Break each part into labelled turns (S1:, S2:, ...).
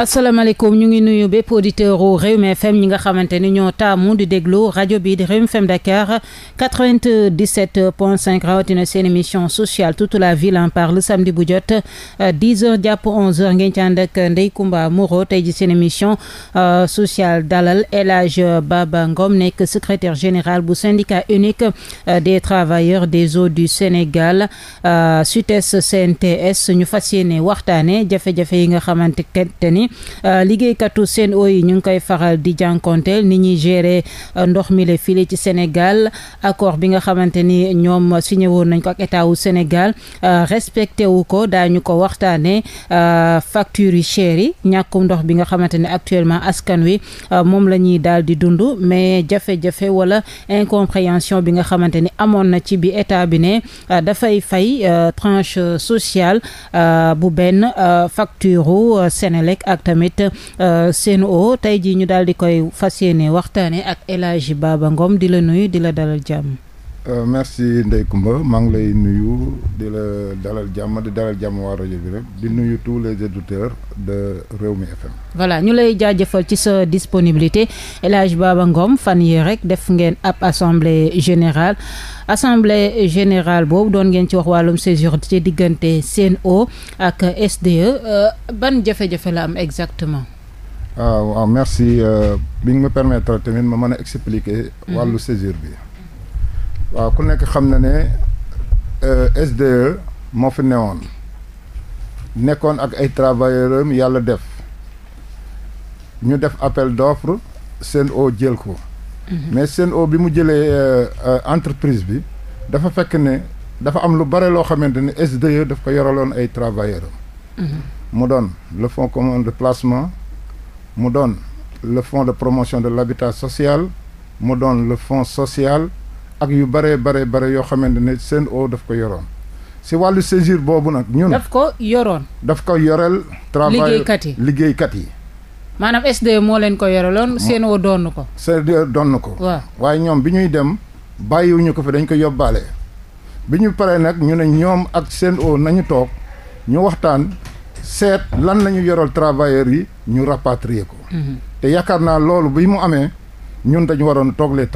S1: asalaamaaleykum ñu ngi nuyu bépp auditeur u Rewmi FM ñi nga xamante ni ñoo taamu di déglu rajo bi di Rewmi FM Dakar 97 point 5 rawatina seen émission social toute la ville en parle samedi bu jot 10 euh, heures jàpp 11 heures ngeen ci ànd ak Ndeye Comba Moreau tey ji seen émission euh, sociale dalal El Hadj Baba Ngom nekk secrétaire général bu syndicat unique euh, des travailleurs des eaux du Sénégal SUTES CNTS ñu fas yéene waxtaane jafe-jafe yi nga xamante ni euh, liggéeykatu o yi ñu ngi koy faral di jànkonteel ni ñuy gérer euh, ndox mi le file ci Sénégal accord bi nga xamante ni ñoom signé woon nañ ko ak état wu Sénégal euh, respecté wu ko daañu ko waxtaanee facture yu chères yi ñàkkum ndox bi nga xamante ne actuellement askan wi moom la ñuy daal di dund mais jafe-jafe wala incompréhension bi nga xamante ni amoon na ci bi état bi ne dafay fay tranche sociale bu benn facture u Sénélec tamit tamit euh, Sen'Eau tey jii ñu daal di koy fas yéene waxtaanee ak élagie Hadji Baba Ngom di la nuyu di la dalal jàmm.
S2: Euh, merci Ndeye Comba maa ngi lay nuyu di la dalal jàmm di dalal jàmm waa rajo di nuyu tous les auditeurs de mi FM.
S1: voilà ñu lay jaajëfal ci sa disponibilité El Hadj Baba Ngom fan yi rek def ngeen ab assemblée générale assemblée générale boobu doon ngeen ci wax wàllum césure ci diggante CNO ak SDE euh, ban jafe-jafe la am
S2: exactement. waaw ah, waaw merci euh, bi nga ma permettre tamit ma mën a expliquer. Mhm. wàllu césure bi. waaw ku nekk xam na ne euh, SDE moo fi newoon nekkoon ak ay travailleurs am yàlla def ñu def appel d'offre Sen'Eau jël ko. Mhm. mais Sen'Eau bi mu jëlee euh, entreprise bi dafa fekk ne dafa am lu bare loo xamante ni SDE daf ko yoraloon ay travailleurs mhm. mu doon le fonds commun de placement mu doon le fonds de promotion de l'habitat sociale mu doon le fonds sociale ak yu bare bare bare yoo xamante ne seen o daf ko yoroon si wàllu saisir boobu nag ñun daf ko yoroon daf ko yoreel travail liggéeykat yi
S1: maanaam SDE moo leen ko yoreloon seen o donn ko
S2: SDE donn ko waaw waaye ñoom bi ñuy dem bàyyiwuñu ko fi dañ ko yóbbaale bi ñu paree nag ñu ne ñoom ak seen o nañu toog ñu waxtaan seet lan lañu ñu yoral travailleurs yi ñu rapatrier ko mhm. te yaakaar naa loolu bi mu amee ñun dañu waroon toog les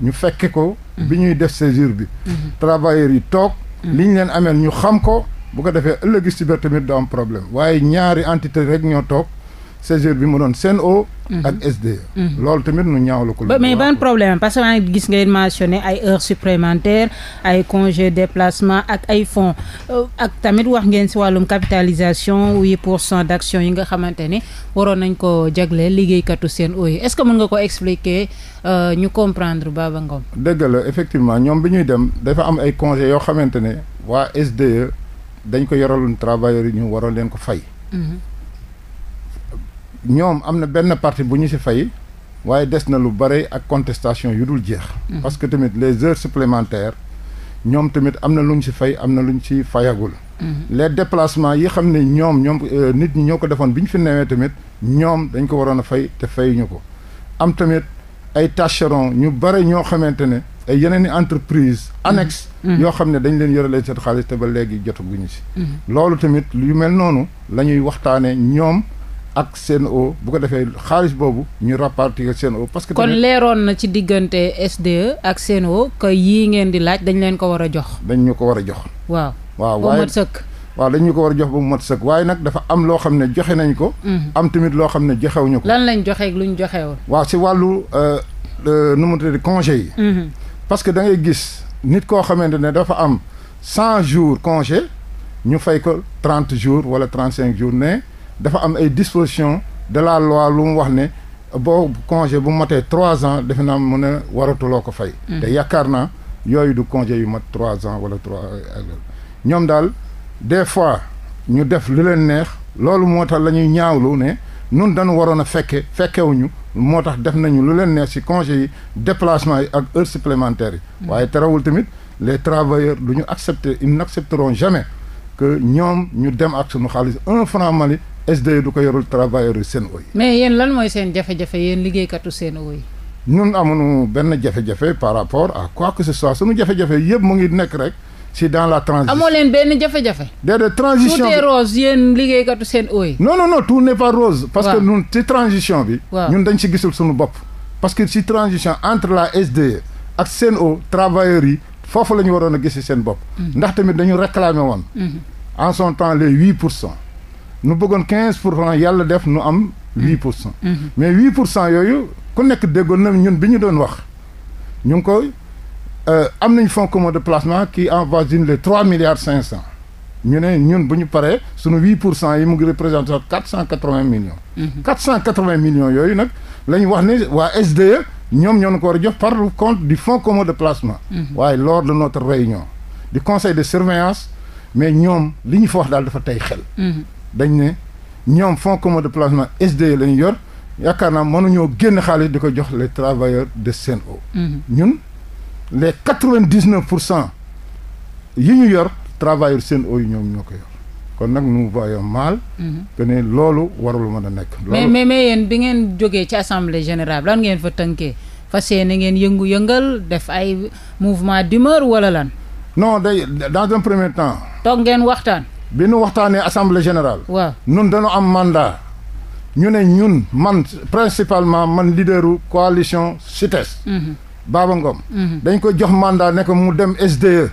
S2: ñu fekke ko mhm. bi ñuy def saisir bi mhm. travailleurs yi toog mhm. li ñu leen ameel ñu xam ko bu ko defee ëllëg si tamit du am problème waaye ñaari entité rek ñoo toog CGE bi mu doon CNO. Mhm. ak SDE. Mhm. loolu tamit nu ñaawlu ko.
S1: mais ban problème parce que maa ngi gis ngeen mentionné ay heures supplémentaires ay congé déplacement ak ay fonds euh, ak tamit wax ngeen si wàllum capitalisation huit pour cent d' action yi nga xamante ni waroon nañ ko jagle liggéeykatu CNO yi est ce que mën nga ko expliquer euh, ñu comprendre Baba Ngom.
S2: dëgg la effectivement ñoom bi ñuy dem dafa am ay congé yoo xamante ne waa SDE dañ ko yoraloon travailleurs yi ñu waroon leen ko fay. Mhm. ñoom am na benn parti bu ñu ci fay waaye des na lu bare ak contestation yu dul jeex. Mhm. parce que tamit les heures supplémentaires ñoom tamit am na lu ñu ci fay am na lu ñu ci fayagul. Mhm. les déplacements yi xam ne ñoom ñoom euh, nit ñi ñoo ko defoon bi ñu fi newee tamit ñoom dañ ko waroon a fay te fayuñu ko am tamit ay tâcheron ñu bare ñoo xamante ne ay yeneen i entreprise mhm. annexe yoo xam ne dañ leen yoralee seen xaalis te ba léegi jotaguñu ci. loolu tamit lu mel noonu la ñuy waxtaanee ñoom. ak Sen'Eau bu ko defee xaalis boobu ñu répartir seen parce que kon
S1: leeroon na ci diggante SDE ak Sen'Eau que yii ngeen di laaj dañ leen ko war a jox
S2: dañ ñu ko war a jox waaw waaw waaye mat sëkk waaw dañ ñu ko war a jox ba mu mat sëkk waaye nag dafa am loo xam ne joxe nañ ko mhm. am tamit loo xam ne joxewuñu ko
S1: lan lañ joxeeg luñ joxewul
S2: waaw si wàllu euh, nu mu tudd congé yi mhm. parce que da ngay gis nit koo xamante ne dafa am cent jours congé ñu fay ko trente jours wala trente cinq jours ne dafa am ay dispositions de la loi lu mu wax ne boo congé bu matee trois ans defe naa mu ne waratuloo ko fay. Mm. te yaakaar naa yooyu du congé yu mat trois ans wala trois ñoom daal des fois ñu def lu leen neex loolu moo tax la ñuy ñaawlu ne nun dañu waroon a fekke fekkewuñu moo tax def nañu lu leen neex ci congé yi déplacement yi ak heures supplémentaires yi. Mm. waaye terewul tamit les travailleurs du ñu accepter ils n'accepteront jamais que ñoom ñu dem ak sunu xaalis un franc Mali. SDE du ko yorul travailleur yi Sen'Eau yi.
S1: mais yéen lan mooy seen jafe-jafe yéen liggéeykatu Sen'Eau yi.
S2: ñun amuñu benn jafe-jafe par rapport à quoi que ce soit suñu jafe-jafe yëpp mu ngi nekk rek si dans la transition.
S1: amoo leen benn jafe-jafe.
S2: déedéet transition bi tout est
S1: rose yéen liggéeykatu Sen'Eau yi.
S2: non non non tout n'est pas rose. parce que ñun ci transition bi. ñun dañ si gisul suñu bopp. parce que si transition entre la SDE ak Sen'Eau yi foofu la ñu waroon a gis seen bopp. Mm. ndax tamit dañu réclamer mm-hmm. pour cent. nu bëggoon quinze pour cent yàlla def nu am huit pour mm-hmm. Mm-hmm. mais huit pour cent yooyu ku nekk déggoon na ñun bi ñu doon wax ñu ngi koy euh, am nañ fonds commun de placement qui avoisine les trois milliards cinq cent ñu ne ñun bu ñu paree suñu huit pour cent yi mu ngi représenté quatre cent quatre vingt millions mm-hmm. quatre cent quatre vingt millions yooyu nag la ñu wax ne waa SDE ñoom ñoo ko war a jox par le compte du fonds commun de placement waaye lors de notre réunion du conseil de surveillance mais ñoom li ñu fa wax daal dafa tey xel dañ ne ñoom fonds commun de placement SDE la ñu yor yaakaar naa mënuñoo génn xaalis di ko jox les travailleurs de Sen'Eau mhm. ñun les quatre vingt dix pour cent yi ñu yor travailleurs Sen'Eau yi ñoom ñoo ko yor kon nag nous voyons mal. Mhm. que ne loolu warul mën a nekk. mais mais
S1: mais yéen bi ngeen jógee ci assemblée général lan ngeen fa tënkee fas yéene ngeen yëngu-yëngal def ay mouvement d'humeur wala lan.
S2: non day dans un premier temps. toog ngeen waxtaan. bi nu waxtaanee assemblée général waaw ñun dañu am mandat. ñu ne ñun man principalement man leaderu coalition CITES. Mhm. Baba Ngom. Mhm. dañ ko jox mandat ne ko mu dem SDE.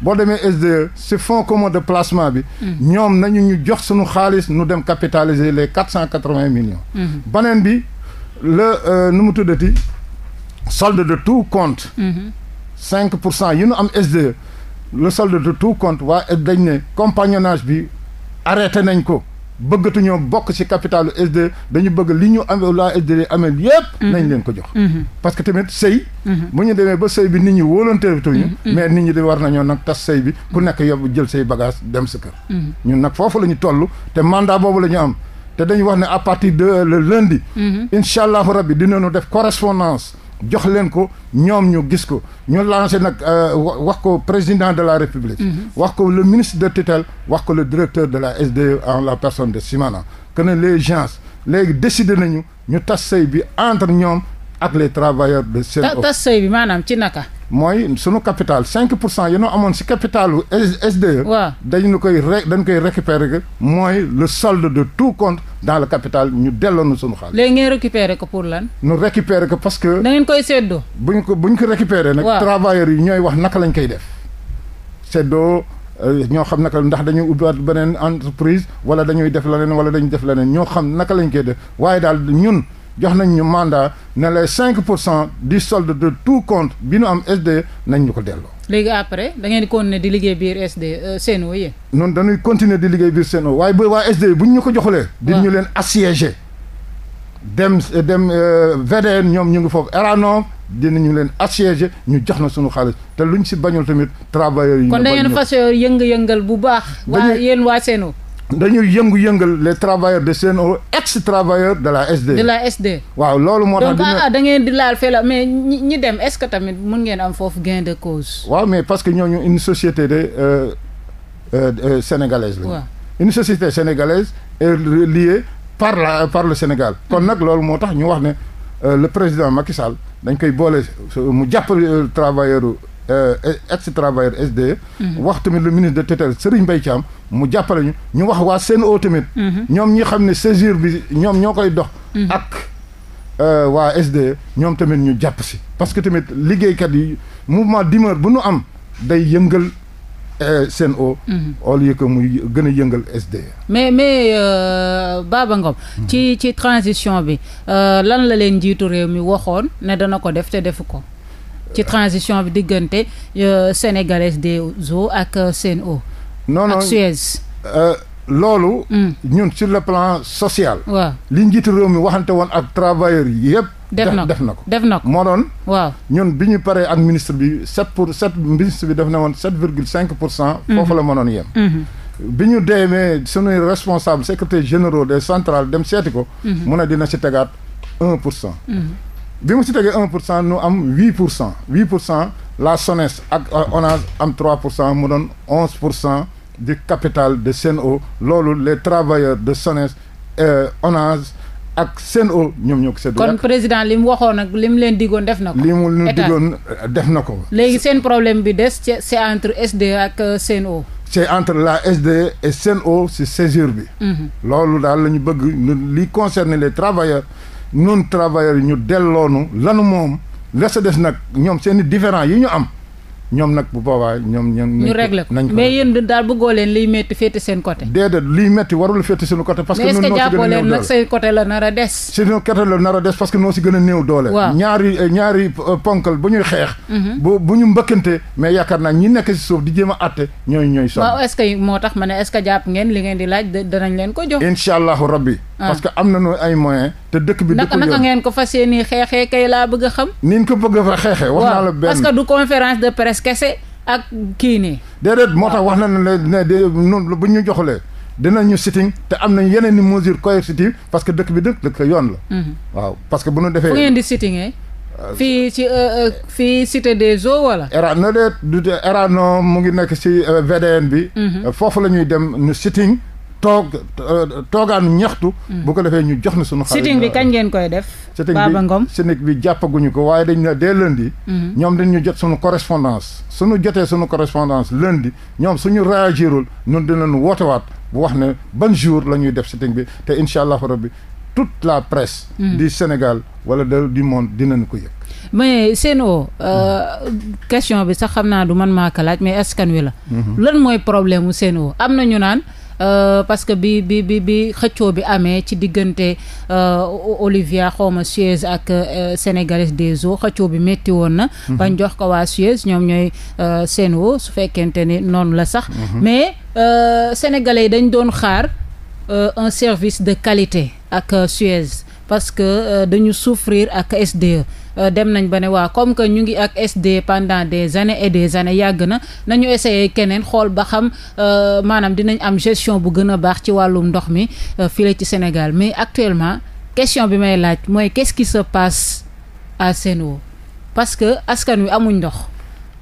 S2: boo demee SDE si fonds commun de placement bi. Mhm. ñoom nañu ñu jox sunu xaalis nu dem capitaliser les quatre cent quatre vingt millions. beneen bi le euh, nu mu tuddati solde de tout compte. cinq pour cent yi nu am SDE. le solde de tout compte waa dañ ne compagnonnage bi arrêté nañ ko bëggatuñoo bokk ci capitalu SDE dañu bëgg li ñu amee la SDE amee yépp mhm. nañ leen ko jox mhm. parce que tamit sëy mhm. bu ñu demee ba sëy bi nit ñi wóolanteetuñu mais nit ñi di war nañoo nag tas sëy bi ku nekk yóbbu jël say bagage dem sa kër ñun nag foofu lañu ñu toll te mandat boobu la ñu am te dañu wax ne à partir de le lundi incha bi dina dinañu def correspondance jox leen ko ñoom ñu gis ko ñu lancé nag euh, wax ko président de la république mm-hmm. wax ko le ministre de tutelle wax ko le directeur de la SDE en la personne de Simana que ne les gens léegi décidé nañu ñu tas sëy bi entre ñoom ak les travailleurs de Sen'Eau tas
S1: sëy bi maanaam ci naka
S2: mooy sunu capital 5 pour cent yi noo amoon si capitalu sd waaw dañu koy rek dañu koy récupérer mooy le solde de tout compte dans le capital ñu delloon na sunu xaalis.
S1: léegi ngeen récupérer ko pour lan.
S2: ñu récupérer ko parce que. da ngeen koy séddoo. bu ñu ko bu ñu ko récupérer nag. travailleurs yi ñooy wax naka lañ koy def séddoo. Euh, ñoo xam naka ndax dañuy ubbiwaat beneen entreprise wala dañuy def leneen wala dañuy def leneen ñoo xam naka lañ koy def waaye daal ñun. jox nañu ñu mandat ne les cinq pour cent du solde de tout compte bi nu am SDE nañ ñu ko delloo.
S1: léegi après da ngeen di continuer di liggéey biir SDE euh, Sen'Eau yéen.
S2: noonu dañuy continuer di liggéey biir Sen'Eau waaye ba waa SDE bu ñu ñu ko joxulee. di ñu leen assiégé. dem dem euh, VDN ñoom ñu ngi foofu Eranor dinañu leen assiégé ñu jox na suñu xaalis te lu luñ si bañul tamit travailleurs yi. ñu bañ kon da ngeen fas
S1: yëngu-yëngal bu baax. waa yéen waa Sen'Eau.
S2: dañuy yëngu-yëngal les travailleurs de CNO ex travailleurs de la SD. de la SD. waaw loolu moo tax. donc ah,
S1: ah, da ngeen di laal fee la mais ñi dem est-ce que tamit mën ngeen am foofu gain de cause.
S2: waaw mais parce que ñooñu une société de euh, euh, euh sénégalaise la. une société sénégalaise est par la par le Sénégal. kon nag loolu moo tax ñu wax ne euh, le président Macky dañ koy boole mu jàppale euh, travailleur. Euh, ex travailleur SDE. Mhm. wax tamit le ministre de tutelle Serigne Mbaye Thiam mu jàppale ñu ñu wax waa CNO tamit. Mhm. ñoom ñi xam ne saisir bi ñoom ñoo koy dox. Mhm. ak euh, waa SDE ñoom tamit ñu jàpp si. parce que tamit liggéeykat yi mouvement d'humeur bu nu am day yëngal. CNO. Euh, au lieu que muy a yëngal SDE.
S1: mais mais euh, Baba Ngom. ci ci transition bi lan la leen njiitu réew mi waxoon ne dana ko def te defu ko. ci transition bi diggante euh, Sénégalaise des eaux ak euh, Sen'Eau.
S2: non non ak Suez. Euh, loolu. Hmm. ñun sur le plan social. waaw li njiitu réew mi waxante woon ak travailleurs yi yëpp. def na ko def na ko def na moo doon. waaw ñun bi ñu paree ak ministre bi sept pour sept ministre bi def na woon sept virgule cinq pour cent. Hmm. foofu la mënoon yem. Hmm. bi ñu demee suñuy responsable secrétaire généraux des centrales dem seeti ko. mu ne dina ci tegaat bi mu si tegee pour cent nu am huit pour cent huit pour cent la SONES ak euh, ONAS am trois pour cent mu doon onze pour cent du capital de o loolu les travailleurs de SONES euh, ONAS ak o ñoom ñoo ko séddoo. kon
S1: président li mu waxoon ak li mu leen digoon def na ko. li mu leen digoon
S2: euh, def na ko.
S1: léegi seen problème bi des c'est entre SDE ak o
S2: c'est entre la SDE et Sen'Eau si césure bi. Mhm. loolu daal la ñu bëgg li concerne les travailleurs. nun travailleurs yi ñu delloonu lanu moom la sa des nag ñoom seen i différent yi ñu am ñoom nag bu boobaa ñoom ñoom ñu réglé ko mais
S1: yéen daal bëggoo leen liy métti féete seen côté
S2: déedéet liy métti warul féete seen côté parce que est-ce que jàppoo leen des seen côté la nar parce que noo si gën a néew doole ñaari ñaari euh, ponkal bu ñuy xeex mhm. bu bu ñu mbëkkante mais yaakaar naa ñi nekk si suuf di jéem a atte ñooy ñooy sonn waaw
S1: est-ce moo tax ma ne est-ce que jàpp ngeen li ngeen di laaj danañ leen ko jox
S2: incha allahu rabbi Ah. parce que am nañu ay moyens te dëkk bi dëkk naka ngeen
S1: ko fas yéene xeexee kay laa bëgg a xam
S2: niñ ko bëgg fa xeexee wax naa la benn parce que
S1: du conférence de presse kese ak kii nii
S2: déedéet moo tax wax na ne ne de noonu bu ñu joxulee dinañu sitting te am nañ yeneen i mesure coercitive parce que dëkk bi dëkk dëkk yoon la mhm. waaw parce que bu ñu defee fu ngeen di sittingee eh? euh, fii ci euh, euh, fii cité des eaux wala. era na du erano mu ngi nekk ci VDN bi. Mhm. foofu la ñuy dem ñu sitting toog toogaan ñaxtu. Hmm. bu ko defee ñu jox na sunu. xarit sitting euh,
S1: ngeen koy def. Baba
S2: Ngom sitting bi jàppaguñu ko waaye dañ ne dès lundi. Hmm. ñoom dañ ñu jot sunu correspondance. sunu jotee sunu correspondance lundi ñoom suñu réagirul ñun dinañu wootewaat bu wax ne ban jour la ñuy def sitting bi te incha allahu rabbi toute la presse. Hmm. du Sénégal wala du monde dinañu ko yëg.
S1: mais Sen'Eau question bi sax xam naa du man maa laaj mais askan wi la. lan mooy problème mu Sen'Eau am na ñu naan. Euh, parce que bi bi bi bi xëccoo bi amee ci diggante euh, Olivia xawma Suez ak euh, Sénégalaise des eaux xëccoo bi métti woon na mhm. bañ jox ko waa Suez ñoom ñooy seen Sen'Eau su fekkente ni noonu la sax mhm. mais sénégalais yi dañ doon xaar un service de qualité ak Suez parce que dañu souffrir ak SDE Euh, dem nañ ba ne waa comme que ñu ngi ak SD pendant des années et des années yàgg na nañu essayer keneen xool ba xam euh, maanaam dinañ am gestion bu gën a baax ci wàllum ndox mi euh, file ci Sénégal mais actuellement question bi may laaj mooy qu'est-ce qui se passe à Sen'Eau parce que askan wi amuñ ndox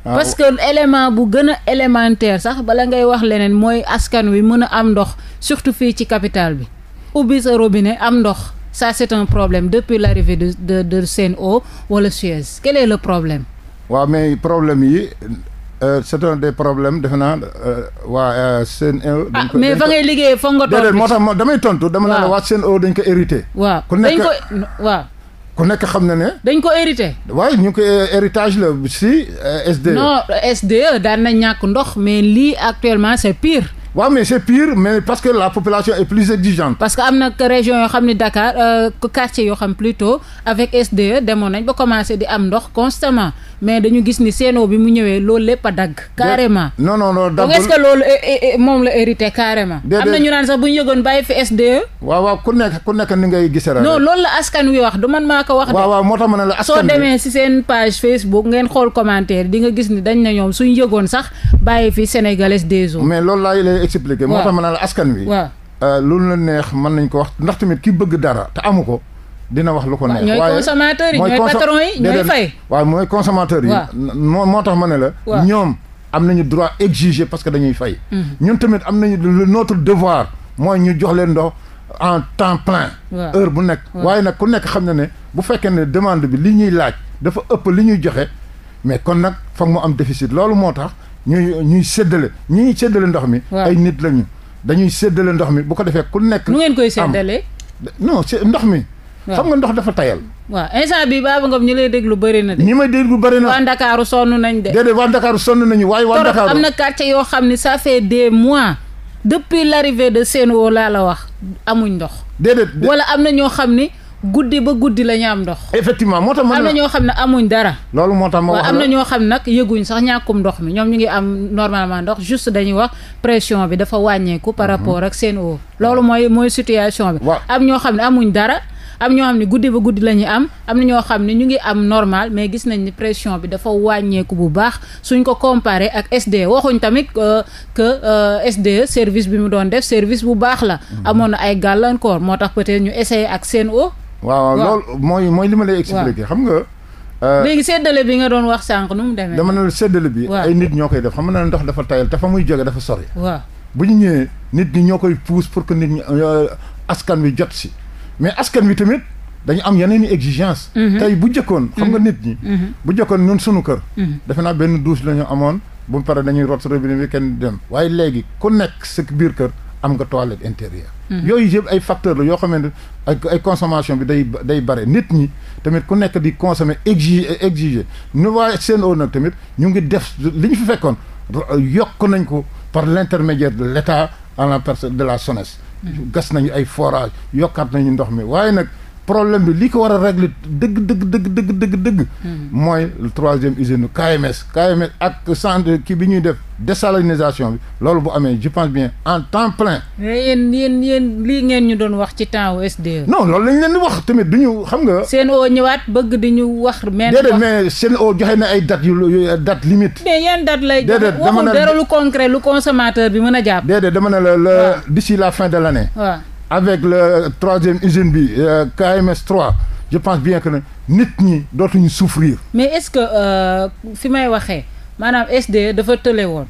S1: ah, parce que élément bu gën a élémentaire sax bala ngay wax leneen mooy askan wi mën a am ndox surtout fii ci capital bi ubbi sa robinet am ndox ça c'est un problème depuis la l'arrivée de de de Sen'Eau wala Suez quel est le
S2: problème. waaw mais problème yi euh, c'est un des problèmes defe naa euh, waa euh, Sen'Eau. ah mais fa ngay liggéeyee foog nga tontu déedéet moo tax damay tontu. dama ne la waa Sen'Eau dañ ko hérité. waaw dañ ko waaw. ku nekk xam na ne. dañ ko hérité. waaye ñu ko héritage la si SDE. non SDE
S1: daan na ñàkk ndox mais lii actuellement
S2: c'est pire. waaw mais c'est pire mais parce que la population est plus exigeante.
S1: parce que am na région yoo xam ne Dakar euh, quartier yoo xam plutôt avec SDE demoon nañ ba commencé di am ndox constamment. mais dañu gis ni Sen'Eau bi mu ñëwee loolu lépp a dagg. carrément
S2: non non non daggul est que loolu
S1: eh, eh, eh, moom la hérité carrément. am na ñu naan sax bu yëgoon bàyyi fi SDE.
S2: waaw waaw ku nekk ku nekk ni ngay gisee rek. non
S1: loolu la askan wi wax du man maa ko wax. waaw waaw moo tax ma ne la askan wi demee si seen page Facebook ngeen xool commentaire di nga gis ni dañ na ñoom suñu yëgoon sax bàyyi fi sénégalaise des eaux. mais
S2: loolu laa lay expliquer. moo tax ma ne askan wi. waaw euh, lu la neex mën nañ ko wax ndax ki bëgg dara te amu ko dina wax lu ko neex. waaye consommateur yi ñooy patron yi ñooy fay. waaw mooy consommateur yi. moo moo tax ma ne la. ñoom am nañu droit exiger parce que dañuy fay. Mhm. ñun tamit am nañu nootul devoir mooy ñu jox leen ndox en temps plein. heure bu nekk. waaye nag ku nekk xam ne ne bu fekkee ne demande bi li ñuy laaj dafa ëpp li ñuy joxe mais kon nag foog mu am déficit loolu moo tax ñuy ñuy séddale ñuy séddale ndox mi. ay nit lañu dañuy séddale ndox mi bu ko defee ku nekk. nu ngeen koy séddale non ndox mi. xam nga ndox dafa tayal.
S1: waaw instant bi Baba Ngom ñi lay déglu bëri na de. ñi may déglu bëri na waa Ndakaaru sonn nañ de. déedéet waa Ndakaaru sonn nañu waaye waa. Ndakaaru am na quartier yoo xam ne ça fait des mois depuis l'arrivée de Sen'Eau laa la wax amuñ ndox.
S2: déedéet wala
S1: am na ñoo xam ni guddi ba guddi la ñu am ndox.
S2: effectivement moo tax am na ñoo
S1: xam ne amuñ dara.
S2: loolu moo tax ma wax am na
S1: ñoo xam nag yëguñ sax ñàkkum ndox mi ñoom ñu ngi am normalement ndox juste dañuy wax pression bi dafa wàññeeku. par mhm. rapport ak Sen'Eau. loolu mooy situation bi. am ñoo xam ne amuñ dara. am ñoo xam ne guddi ba guddi la am am na ñoo xam ne ñu ngi am normal mais gis nañ ni pression bi dafa wàññeeku bu baax suñ ko comparer ak SDE waxuñ tamit euh, que euh, sd e service bi mu doon def service bu baax la. Mm-hmm. amoon na ay gàllankoor moo tax peut ñu essayé ak seen Sen'Eau.
S2: waaw loolu mooy mooy li ma lay expliquer xam nga. Euh, léegi
S1: seddale bi nga doon wax sànq nu mu demee. dama ne
S2: séddale bi. ay nit ñoo koy def xam nga ndox dafa tayal te fa muy jóge dafa sori. bu ñu ñëwee nit ñi ñoo koy pousse pour que nit ñi askan wi jot si. mais askan wi tamit dañu am yeneen i exigence mhm. tey bu jëkkoon xam nga mhm. nit ñi mhm. bu jëkkoon ñun sunu kër defe naa benn douche la ñu amoon bu paree dañuy root robinet bi kenn dem waaye léegi ku nekk sa biir kër am nga toilette intérieure yooyu yëpp ay facteur la yoo xamante ak ay consommation bi day day bare nit ñi tamit ku nekk di consommer exiger exiger nu seen Sen'Eau nag tamit ñu ngi def li ñu fi fekkoon yokk nañ ko par l'intermédiaire de l'État en la personne de la SONES gas nañu ay forage yokkaat nañu ndox mi waaye nag problème bi lii ko war a régler dëgg dëgg dëgg dëgg dëgg dëgg. Hmm. mooy troisième usine KMS. KMS ak centre kii bi ñuy def désalinisation bi loolu bu amee je pense bien en temps plein.
S1: Eh, yéen yéen yéen lii ngeen ñu doon wax ci temps wu e. non
S2: loolu lañu leen di wax tamit du ñu xam nga.
S1: seen o ñëwaat
S2: bëgg di ñu wax. même déedéet mais Sen'Eau joxe na ay dates yu date limite. mais yan date lay. déedéet dama ne waxul lu concret lu consommateur bi mën a jàpp. déedéet dama ne la la d'ici la fin de l'année. waaw. avec le troisième usine bi euh, KMS trois je pense bien que ne nit ñi dootuñu souffrir.
S1: mais est-ce que euh, fi may waxee maanaam sd dafa tële woon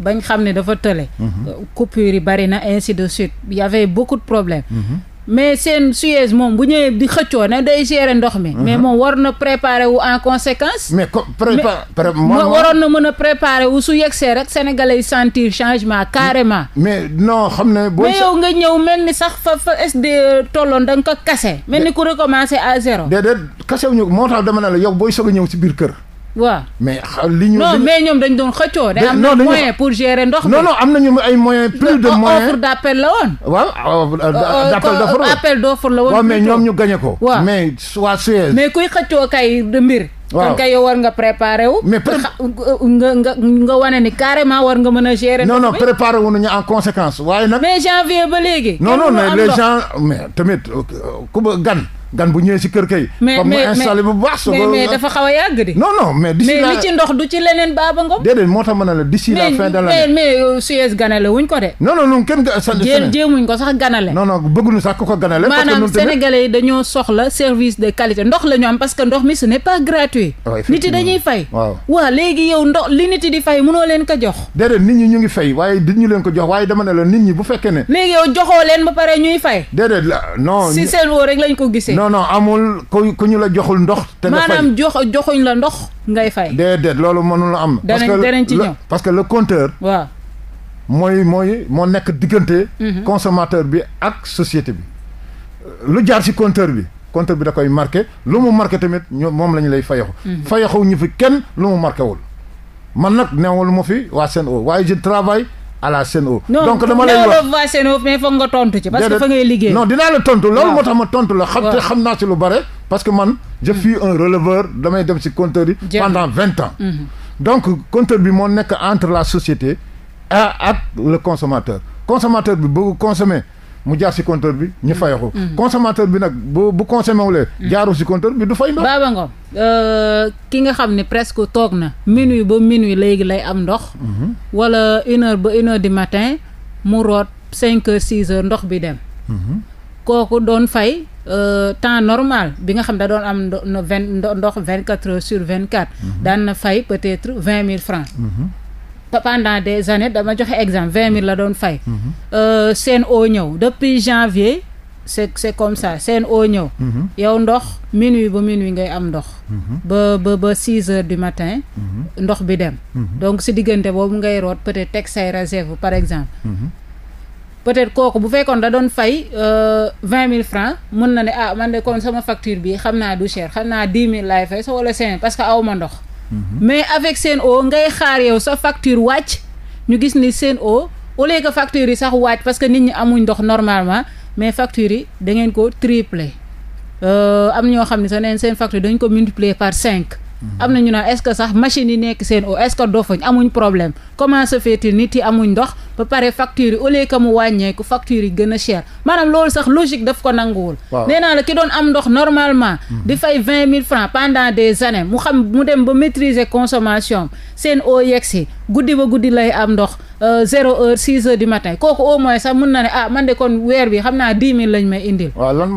S1: bañ xam ne dafa tële. Mhm. Euh, coupure yi bari na ainsi de suite il y avait beaucoup problèmes. Mhm. mais seen Suez moom bu ñëwee di xëccoo ne day gérer ndox mi. Mhm. mais moom war na préparer wu en conséquence. mais ko waroon na mën a préparer wu su yegsee rek sénégalais yi sentir changement carrément.
S2: mais noo xam ne booy mais
S1: nga ñëw mel ni sax fa fa SDE tolloon da ko kase. mel ni ku recommencer à zéro.
S2: déedéet kasewuñu moo tax dama ne la yow booy soog a ñëw ci biir kër. waaw mais li ñu. non mais
S1: ñoom dañ doon xëccoo. da am na moyen pour gérer ndox bi. non non am
S2: nañu ay moyens plus de moyens. offre d'appel la woon. waaw euh, euh, d'appel la woon. Euh, mais ñoom ñu gagné ko. waaw mais soit siège. mais
S1: kuy xëccoo kay mbir. waaw kon kay war nga préparer wu. mais nga nga nga wane ni carrément war nga mën a gérer. non non préparer
S2: wu nañu en conséquence waaye nag. mais janvier ba léegi. non non mais gens mais tamit ku gan. gan bu ñëwee si kër kay. mais mais mu installé bu dafa xaw a yàgg de. non mais. d'ici la mais li ci la wuñ ko de. non non kenn. jéem jéemuñ ko sax ganale. non non bëgguñu sax ko ganale. parce que maanaam sénégalais
S1: yi dañoo ndox la am parce que ndox mi ce n'est pas gratuit.
S2: di fay mënoo leen ko jox. déedéet nit ñi ngi fay waaye di ko jox waaye dama ne bu fekkee ne. léegi yow joxoo leen ba woo rek lañ ko gisee. non non amul ku ku ñu la joxul ndox. te nga jox joxuñ la ndox ngay fay. déedéet loolu mënul am. parce que ci ñëw parce que le compteur. waaw mooy mooy moo nekk diggante. Mhm. consommateur bi ak société bi. lu jaar ci compteur bi compteur bi da koy marqué lu mu marqué tamit ñu moom la ñu lay fayaxu. Mhm. fayaxu fi kenn lu mu marqué wul. man nag newul ma fi waa seen o waaye je travaille. à la Sen'Eau. donc dama lay non
S1: non Sen'Eau nga tontu ci. liggéey. non
S2: dinaa la tontu loolu moo tax ma tontu la. xam naa ci lu bare. parce que man je mm. suis un damay dem si compteur yi. pendant vingt ans. Mm-hmm. donc compteur bi moo nekk entre la société. ak le consommateur consommateur bi bëgg consommer. mu jaar si compteur bi ñu fay ko. Mm-hmm. consommateur bi nag bu bu consommé wulee. Mm-hmm. jaarul si compteur bi du fay ndox. Baba
S1: Ngom euh, ki nga xam ne presque toog na. minuit ba minuit léegi lay am ndox. Mm-hmm. wala une ba une di du matin mu root cinq heures six heures ndox bi dem. kooku doon fay euh, temps normal bi nga xam da doon am ndox vingt ndox vingt quatre heures sur vingt quatre. daan na fay peut-être vingt mille francs. pendant des années dama joxe exemple vingt mille la doon fay. Mhm. Euh, seen oo ñëw depuis janvier c'est c'est comme ça seen o ñëw. Mhm. yow ndox minuit ba minuit ngay am ndox. Mhm. ba ba ba six heures du matin. ndox bi dem. donc si diggante boobu ngay root peut-être teg say réserve par exemple. peut-être kooku bu fekkoon da doon fay euh, vingt mille francs mën na ne ah man de kon sama facture bi xam naa du cher xam naa dix mille laay fay so wala cinq parce que aw ma ndox. mais avec o ngay xaar yow sa facture wàcc ñu gis ni seen o lieu que facture yi sax wàcc parce que nit ñi amuñ ndox normalement mais facture yi da ngeen ko tripler euh, am ñoo xam ne sax neen seen facture dañ ko multiplier par cinq am na ñu naan est-ce que sax machine yi nekk seen est-ce que amuñ problème comment se nit yi amuñ ndox ba pare facture yi au lieu que mu wàññeeku facture yi gën a cher maanaam loolu sax logique daf ko nanguwul nee naa la ki doon am ndox normalement mhm. di fay vingt mille francs pendant des années mu xam mu dem ba maîtriser consommation seen oo yegsi guddi ba guddi lay am ndox euh, zéro heure six heures du matin kooku au moins sax mun na ne ah man de kon weer bi xam naa dix mille lañ may indil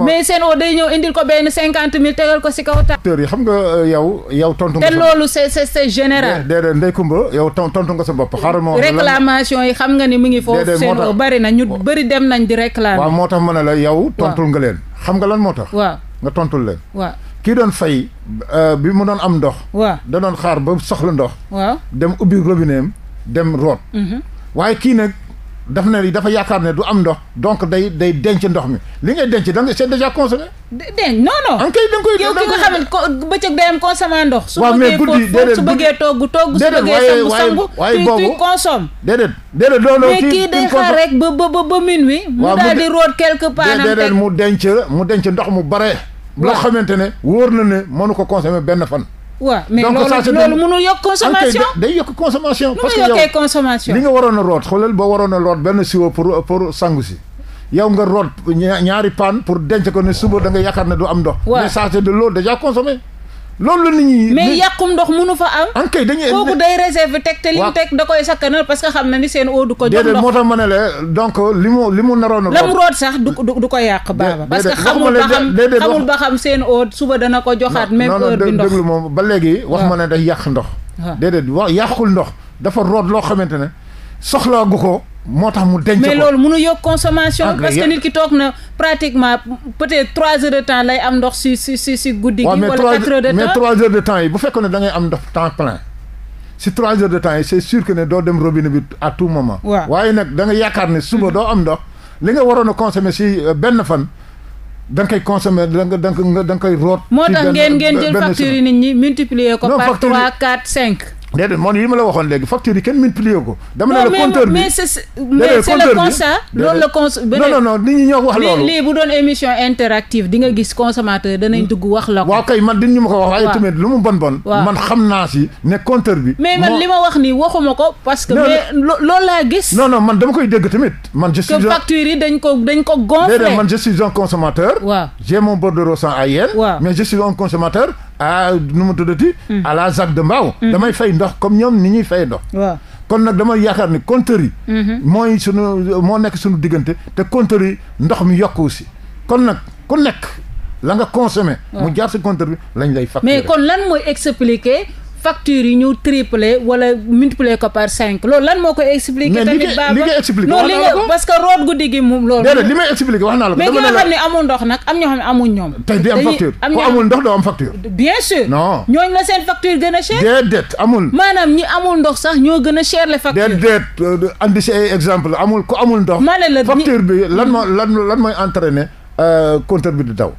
S1: mais seen oo day ñëw indil ko benn cinquante mille tegal ko si kaw ta
S2: yi xam nga euh, yow yow tontu te loolu
S1: c'est c'est général
S2: déedéet Ndeye Comba yow tontu nga sa bopp
S1: nga ni na ñu dem nañ di waaw moo
S2: tax ma a la yow tontul nga leen xam nga lan moo tax waaw nga tontul leen waaw kii doon fay euh, bi mu doon am ndox waaw da doon xaar ba soxla ndox waaw dem ubbi robinet dem root mhm. waaye kii nag daf ne dafa yaakaar ne du am ndox donc day day denc ndox mi li ngay denc da nga c'est déjà consommé. denc non non. en kay da koy yow ki nga xam ne bëccëg day am consommé ndox. su bëggee foofu su bëggee togg togg. su bëggee sangu sangu tu tu consomme. déedéet déedéet loolu. mais kii day xaar rek
S1: ba ba ba minuit. mu daal di root quelque part. am
S2: mu denc mu denc ndox mu bare. loo xamante ne wóor na ne mënu ko consommé benn fan.
S1: waaw mais loolu loolu mënul yokk ah, consommation
S2: day yokk consommation. parce que yow li nga waroon a root xoolal ba waroon a root benn siwo pour pour sangu si. yow nga root ñaari paan pour denc ko ne suba da nga yaakaar ne du am ndox. waaw mais ça c'est de l'eau loolu la nit ñi mais yàqum ndox mënu
S1: fa am. en ah, kay dañuy kooku day réserve teg te li mu teg da koy sakkanal parce que xam na ni seen eau
S2: du ko jox ndox moo tax ma ne la donc li mu naroon a. mu root sax du du ko yàq baaba. parce que xamul ba xam xamul ba xam seen eau suba dana ko joxaat. même heure bi ndox ba léegi. wax ma ne day yàq ndox. déedéet wax yàqul ndox dafa root loo xamante ne. soxlaa ko moo tax mu denc ko mais loolu
S1: mënu yokk consommation. Ah, parce que nit ki toog na pratiquement peut-être trois heures de temps lay am ndox si si si si guddi gi. wala mais trois
S2: heures de temps yi bu fekkoon ne da ngay am ndox temps plein. si trois heures de temps yi c'est sûr que ne doo dem robine bi à tout moment. waaw waaye nag da nga yaakaar ne suba mm-hmm. doo am ndox. li nga waroon a consommer si euh, benn fan. da nga koy consommer nga da nga koy root. moo tax ngeen ngeen jël facture yi
S1: nit ñi multiplier ko par trois
S2: quatre déedéet man yi ma la waxoon léegi facture yi kenn multiplier ko. dama ne la compteur bi mais loolu la cons non nit ñi ñoo ko wax loolu. lii
S1: bu doon émission interactive di nga gis consommateur danañ dugg wax la ko. waaw
S2: kay man ñu ma ko wax. waaye tamit lu mu bon bon. man xam naa si ne compteur bi. mais man li ma wax nii waxuma ko. parce que mais loolu laa gis. non non man dama koy dégg tamit. man je suis que facture yi dañ ko dañ ko gonflé. déedéet man je suis un consommateur. waaw j'ai mon bordereau sans AIM. waaw mais je à nu mu tuddati. Hmm. à la ZAC de Mbao. Hmm. damay fay ndox comme ñoom ni ñuy fay ndox. kon nag damay yaakaar ni compteur yi. Hmm. mooy sunu moo nekk sunu diggante te compteur ndox mi yokku si kon nag ku nekk la nga consommé. mu jaar si compteur bi lañ lay facturer. mais kon
S1: lan mooy expliquer. factures yi ñu triplé wala multiplié ko par cinq loolu lan moo koy expliqué tamit baba li ngay expliqué non li nga parce que root guddi gi moom loolu déedéet li may expliqué wax naa la ko mais ñi nga xam ne amul ndox nag am ñoo xam ne amul ñoom tey di am facture ku amul
S2: ndox doo am facture bien sûr non ñooñu la seen facture gën a cher déedéet amul maanaam ñi amul ndox sax ñoo gën a cher les factures déedéet euh, andi si ay exemple amul ku amul ndox ma ne bi lan moo lan lan mooy entraîné euh, compteur bi di daw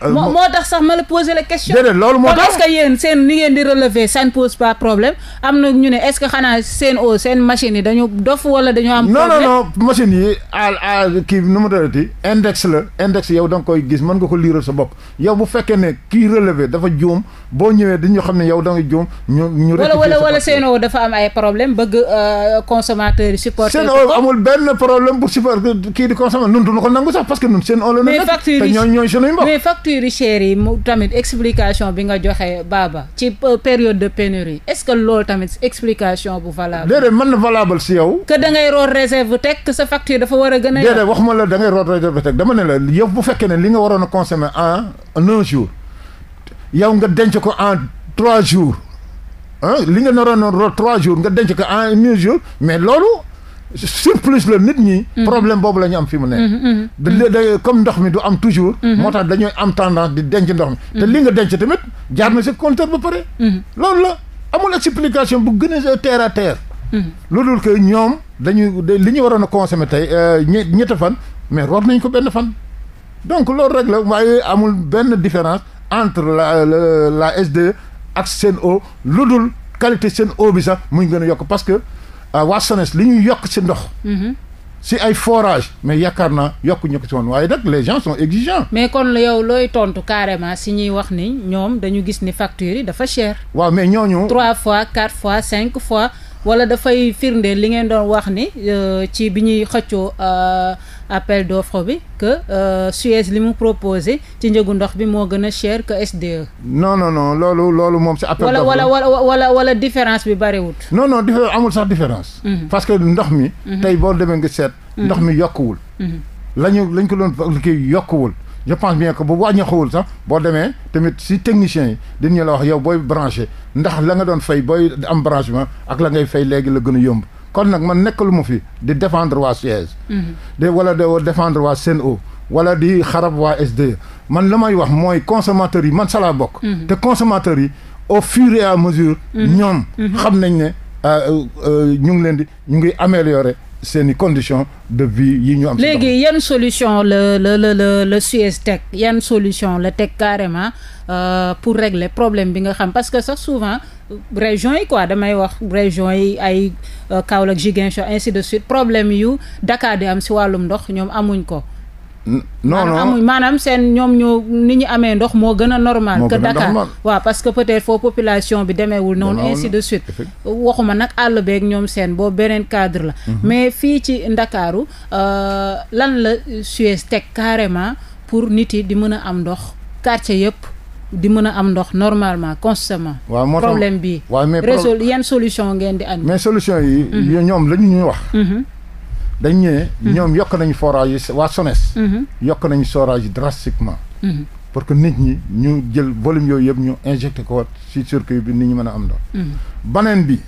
S2: Euh, moo moo
S1: tax sax ma la poser la question. déedéet loolu moo tax est-ce que yéen seen ni ngeen di relever ça ne pose pas problème am na ñu ne est-ce que xanaa seen o seen machine yi dañu dof wala dañu am. problème non non
S2: non machine yi à à kii nu mu doonati index la index yow da nga koy gis mën nga ko liiral sa bopp yow bu fekkee ne kii relevé dafa juum boo ñëwee dañu xam ne yow da nga juum ñu ñu. wala wala wala
S1: seen o dafa am ay problème bëgg euh, consommateur yi supporter. seen o
S2: amul benn problème pour supporter kii di consommateur ñun du ñu ko nangu sax parce que ñun seen o la. mais factures yi te ñooy ñooy suñuy
S1: mbokk factures yi chères yi mu tamit explication bi nga joxe Baba ci euh, période de pénurie est-ce que loolu tamit explication bu valable. déedéet
S2: mën na valable si yow.
S1: que da ngay root réserve teg que sa facture dafa war a gën a. déedéet wax
S2: ma la da ngay root réserve teg dama ne la yow bu fekkee ne li nga waroon a consommer en un jour yow nga denc ko en trois jours ah li nga naroon a root trois jours nga denc ko en un jour mais loolu. surplus la nit ñi. Mhm. problème boobu la ñu am fi mu nekk. Mhm, mhm. da comme ndox mi du am toujours. moo tax dañuy am tendance di denc ndox mi. te li nga denc tamit jaar na si compteur ba pare. loolu la amul explication bu gën a terre à terre. loolu que ñoom dañuy li ñu waroon a consommer tey euh, ñetti fan mais root nañ ko benn fan. donc loolu rek la waaye amul benn différence entre la la SDE ak seen eau lu dul qualité seen eau bi sax muy gën a yokk parce que. Euh, waa SONES li ñuy yokk ci ndox. Mhm. si ay forage mais yaakaar naa yokkuñu ko ci waaye nag les gens sont exigeants.
S1: mais kon yow looy tontu carrément si ñuy wax ni ñoom dañu gis ni factures yi dafa cher.
S2: waaw mais ñooñu.
S1: trois fois quatre fois cinq fois. wala dafay firnde li ngeen doon wax ni euh, ci bi ñuy xëccoo euh, appel d'offre bi que euh, Suez li mu proposé ci njëgu ndox bi moo gën a cher que SDE.
S2: non no non loolu loolu moom si appel d'offre wala wala
S1: wala wala différence bi bariwul.
S2: non non différence amul sax différence. Mhm. parce que ndox mi. Mhm. tey boo demee nga seet. ndox mi mhm. yokkuwul. lañu lañ ko doon liggéey yokkuwul. je pense bien que bu wàññeekuwul sax boo demee tamit si technicien yi dinañu la wax yow booy branché ndax la nga doon fay booy am branchement ak la ngay fay léegi la gën a yomb kon nag man nekkalu ma fi di defendre waa Suez. Mhm. de wala de defendre waa o wala di xarab waa SDE man la may wax mooy consommateurs yi man salaa bokk. Mhm. te consommateurs yi au fur et à mesure. Mhm. ñoom xam nañ ne euh, euh, ñu ngi leen di ñu ngi rek seeni conditions de vie yi ñu am.
S1: léegi yan solution la la la la la Suez teg yan solution la teg carrément euh, pour régler problème bi nga xam parce que sax souvent région yi quoi damay wax région yi ay euh, Kaolack Ziguinchor ainsi de suite problème yu Dakar di am si wàllum ndox ñoom amuñ ko. non non maanaam seen ñoom ñoo ni ñu amee ndox moo gën a normal que Dakar waaw parce que peut-être foofu population bi demeewul noonu ainsi de suite waxuma nag àll beek ñoom seen boobu beneen cadre la mhm. mais fii ci Ndakaaru euh, lan la Suez teg carrément pour nit yi di mën a am ndox quartier yëpp di mën a am ndox normalement constamment waaw moo tax problème bi
S2: waaw mais
S1: yan solution ngeen di andi mais
S2: solution yi mhm. ñoom la ñuy wax mhm. dañ ñëwee. Hmm. ñoom yokk nañu forage yi waa SONES. Hmm. yokk nañu forage yi drastiquement. Hmm. pour que nit ñi ñu jël volume yooyu yëpp ñu injecté ko ci circuit bi nit ñi mën a am ndox. beneen bi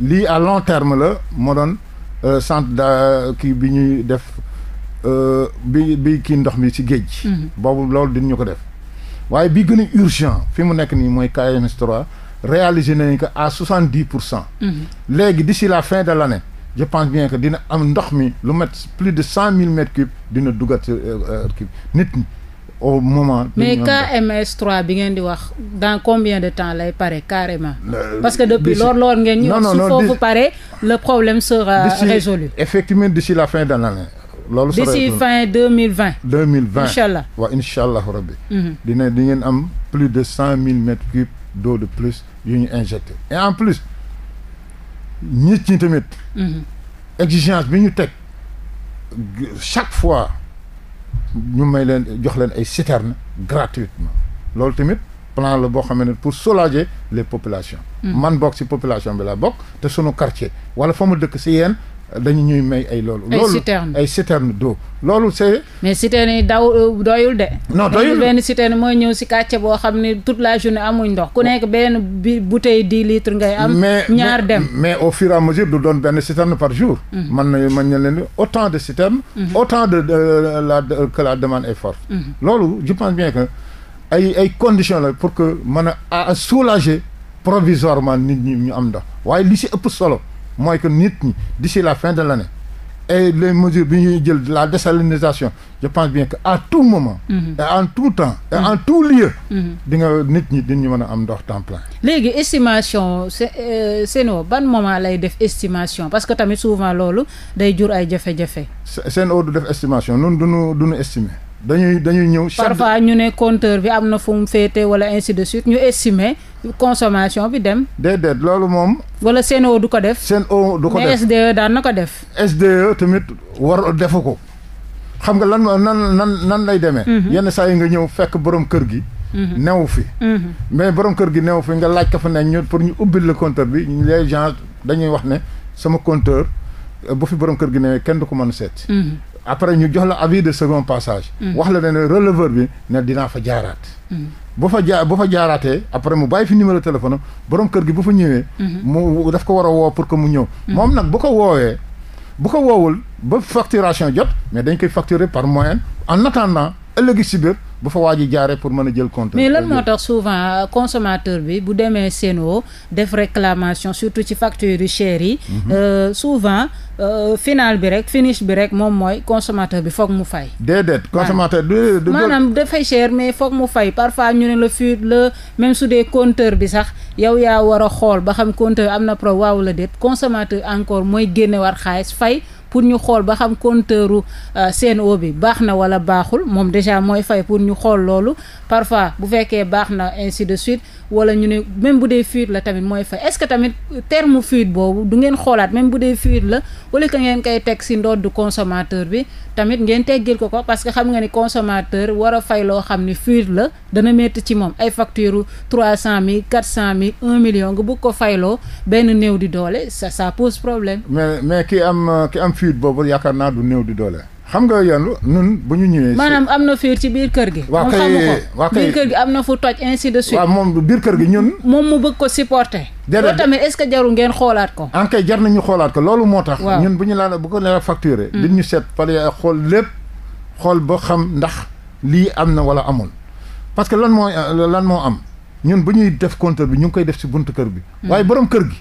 S2: lii à long terme la moo doon euh, centre da kii bi ñuy def euh, bi bi kii ndox mi ci géej gi. boobu loolu ñu ko def waaye bi gën a urgent fi mu nekk nii mooy KMS 3 réalisé nañu ko à soixante di pour cent. léegi d'ici la fin de l' année. je pense bien que dina am ndox mi lu mat plus de cent mille mètres cubes dina dugat cube euh, euh, nit au moment. mais
S1: KMS 3 bi ngeen di wax dans combien de temps lay pare carrément. parce que depuis lool lool ngeen ñu. non su foofu pare le problème sera résolu.
S2: effectivement d'ici la fin de l'année. loolu sera d'ici fin
S1: deux mille vingt.
S2: deux mille vingt incha allah waaw incha allah rabbi. Mhm. di ngeen am plus de cent mille mètres cubes d'eau de plus yu ñu injecté et en plus. nit ñi tamit. Mhm. exigence bi ñu teg chaque fois ñu may leen jox leen ay citernes gratuitement loolu tamit plan la boo xam ne pour soulager les population mhm. man bokk ci population bi laa bokk te sunu quartier wala fa ma dëkk ci yeen dañu ñuy may ay loolu. loolu citerne ay citerne d'eau loolu c'est.
S1: mais citerne yi daw euh, doyul de. non doyul benn citerne mooy ñëw si quartier boo xam ne tout la journée amuñ ndox ku nekk benn bi bouteille dix litres ngay am. ñaar dem
S2: mais au fur et à mesure du doon benn citerne mm. man nañu man ñu leen autant de citerne. Mm-hmm. autant de la que la demande est forte. Mm-hmm. loolu je pense bien que ay ay conditions la pour que mën a soulager provisoirement nit ñi ñu am ndox waaye li si ëpp solo. mooy que nit ñi d'ici la fin de l'année et les mesures bi ñuy jël la désalinisation je pense bien que à tout moment mm-hmm. et en tout temps et mm -hmm. en tout lieu mm-hmm. di nga nit ñi ñu mën a am ndox temps plein
S1: léegi estimation euh, Sen'Eau ban moment lay def estimation parce que tamit souvent loolu day jur ay jafe-jafe
S2: Sen'Eau du def estimation nun du duñu estimer dañuy dañuy ñëw. parfois
S1: ñu ne compteur bi am na fu mu féete wala insi de suite ñu estimer consommation bi dem.
S2: déedéet loolu moom. wala Sen'Eau du ko def. seen o du ko def mais SDE daan na ko def. SDE tamit war defu ko xam nga lan nan nan nan lay demee. Mhm. yenn saa yi nga ñëw fekk borom kër gi. Mhm. newu fi. Mhm. mais borom kër gi newu fi nga laaj ka fa ne ñu pour ñu ubbil le compteur bi ñu les gens dañuy wax ne sama compteur bu fi borom kër gi newee kenn du ko mën a seet. après ñu jox la avis de second passage. Mm. wax la ne releveur bi ne dinaa fa jaaraat. Mm. bu fa jaa bu fa jaaraatee après mu bàyyi fi numéro téléphone boroom kër gi bu fa ñëwee. Mm-hmm. mu daf ko war a woo pour que mu ñëw. Mm-hmm. moom nag bu ko woowee. bu ko woowul ba facturation jot mais dañ koy facturer par moyenne en attendant ëllëgi si biir. bu fa waa ji jaaree pour mën a jël compte. mais lan moo
S1: tax souvent consommateur bi bu demee seenoo def réclamation surtout ci facture yu chères yi. Mhm. Euh, souvent euh, final bi rek finish bi rek moom mooy consommateur bi foog mu fay.
S2: déedéet consommateur du du maanaam
S1: dafay cher mais foog mu fay parfois ñu ne la fii la même su dee compteur bi sax yow yaa war a xool ba xam compteur am na pro waaw la déet consommateur encore mooy génne war xaalis fay. pour ñu xool ba xam compteuru euh, Sen'Eau bi baax na wala baaxul moom déjà mooy fay pour ñu xool loolu parfois bu fekkee baax na ainsi de suite wala ñu ne même bu dee fuite la tamit mooy fay est-ce que tamit terme fuite boobu du ngeen xoolaat même bu dee fuite la wala que ngeen koy teg si ndoddu consommateur bi tamit ngeen teggil ko ko parce que xam nga ni consommateur war fayloo xam ni fuite la dana métti ci moom ay facture trois cent mille quatre cent mille un million nga bëgg ko fayloo benn néew di doole ça ça
S2: fiir boobu yaakaar naa du néew di doole. xam nga yoon nun bu ñu ñëwee.
S1: maanaam am na fiir ci biir kër gi. waa kay waa kay biir am na fu toj ainsi de suite. waaw
S2: moom biir kër gi ñun. moom
S1: mu bëgg ko supporter. déedéet loolu tamit est-ce que jarul ngeen xoolaat ko.
S2: en kay jar nañu xoolaat ko loolu moo tax. ñun bu ñu laal bu ko la facturer. li mm. ñu seet pare xool lépp xool ba xam ndax lii am na wala amul parce que lan moo lan moo am ñun bu ñuy def compteur bi ñu ngi koy def ci buntu kër bi. Mm. waaye borom kër gi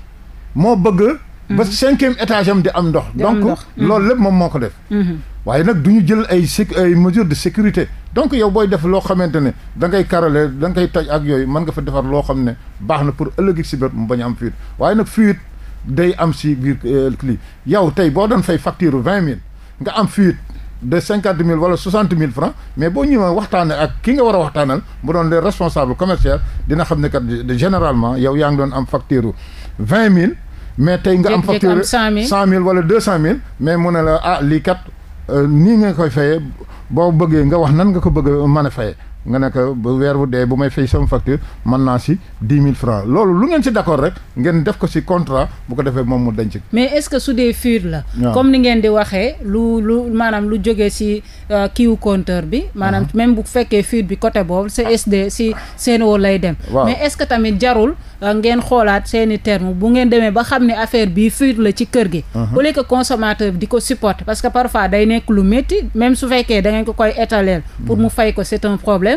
S2: moo bëgg. ba cinquième étage di am ndox. donc mm-hmm. loolu lépp moom moo ko def. Mm-hmm. waaye nag du ñu jël ay sécu ay mesures de sécurité donc yow booy def loo xamante ne da ngay karale da ngay taj ak yooyu mën nga fa defar loo xam ne baax na pour ëllëg si biir mu bañ am fuite waaye nag fuite day am si biir eh, lii yow tey boo doon fay facture vingt mille nga am fuite. de cinquante mille wala soixante mille francs mais boo ñëwee waxtaane ak ki nga war a waxtaanal mu doon les responsables commerciaux dina xam ne kat généralement yow yaa ngi doon am facture vingt mille mais tey nga am facture cent mille wala deux cent mille mais mu ne la ah lii kat euh, nii nga koy fayee boo bëggee nga wax nan nga ko bëgg mën a fayee nga ne weer wu dee bu may fay sama facture mën naa si dix mille francs loolu lu ngeen si d'accord rek ngeen def ko si contrat bu ko defee moom mu denc.
S1: mais est-ce que su dee fiir la. comme ni ngeen di waxee lu lu maanaam lu jógee si euh, kiiw compteur bi. maanaam uh-huh. même bu fekkee fuite bi côté boobu CSD si Sen'Eau lay dem. mais est-ce que tamit jarul euh, ngeen xoolaat seeni terme bu ngeen demee ba xam ne affaire bi fuite la ci kër gi. Uh-huh. au lieu que bi di ko supporter parce que parfois day nekk lu métti même su fekkee da ngeen ko koy pour mu mm-hmm. fay ko c'est un problème.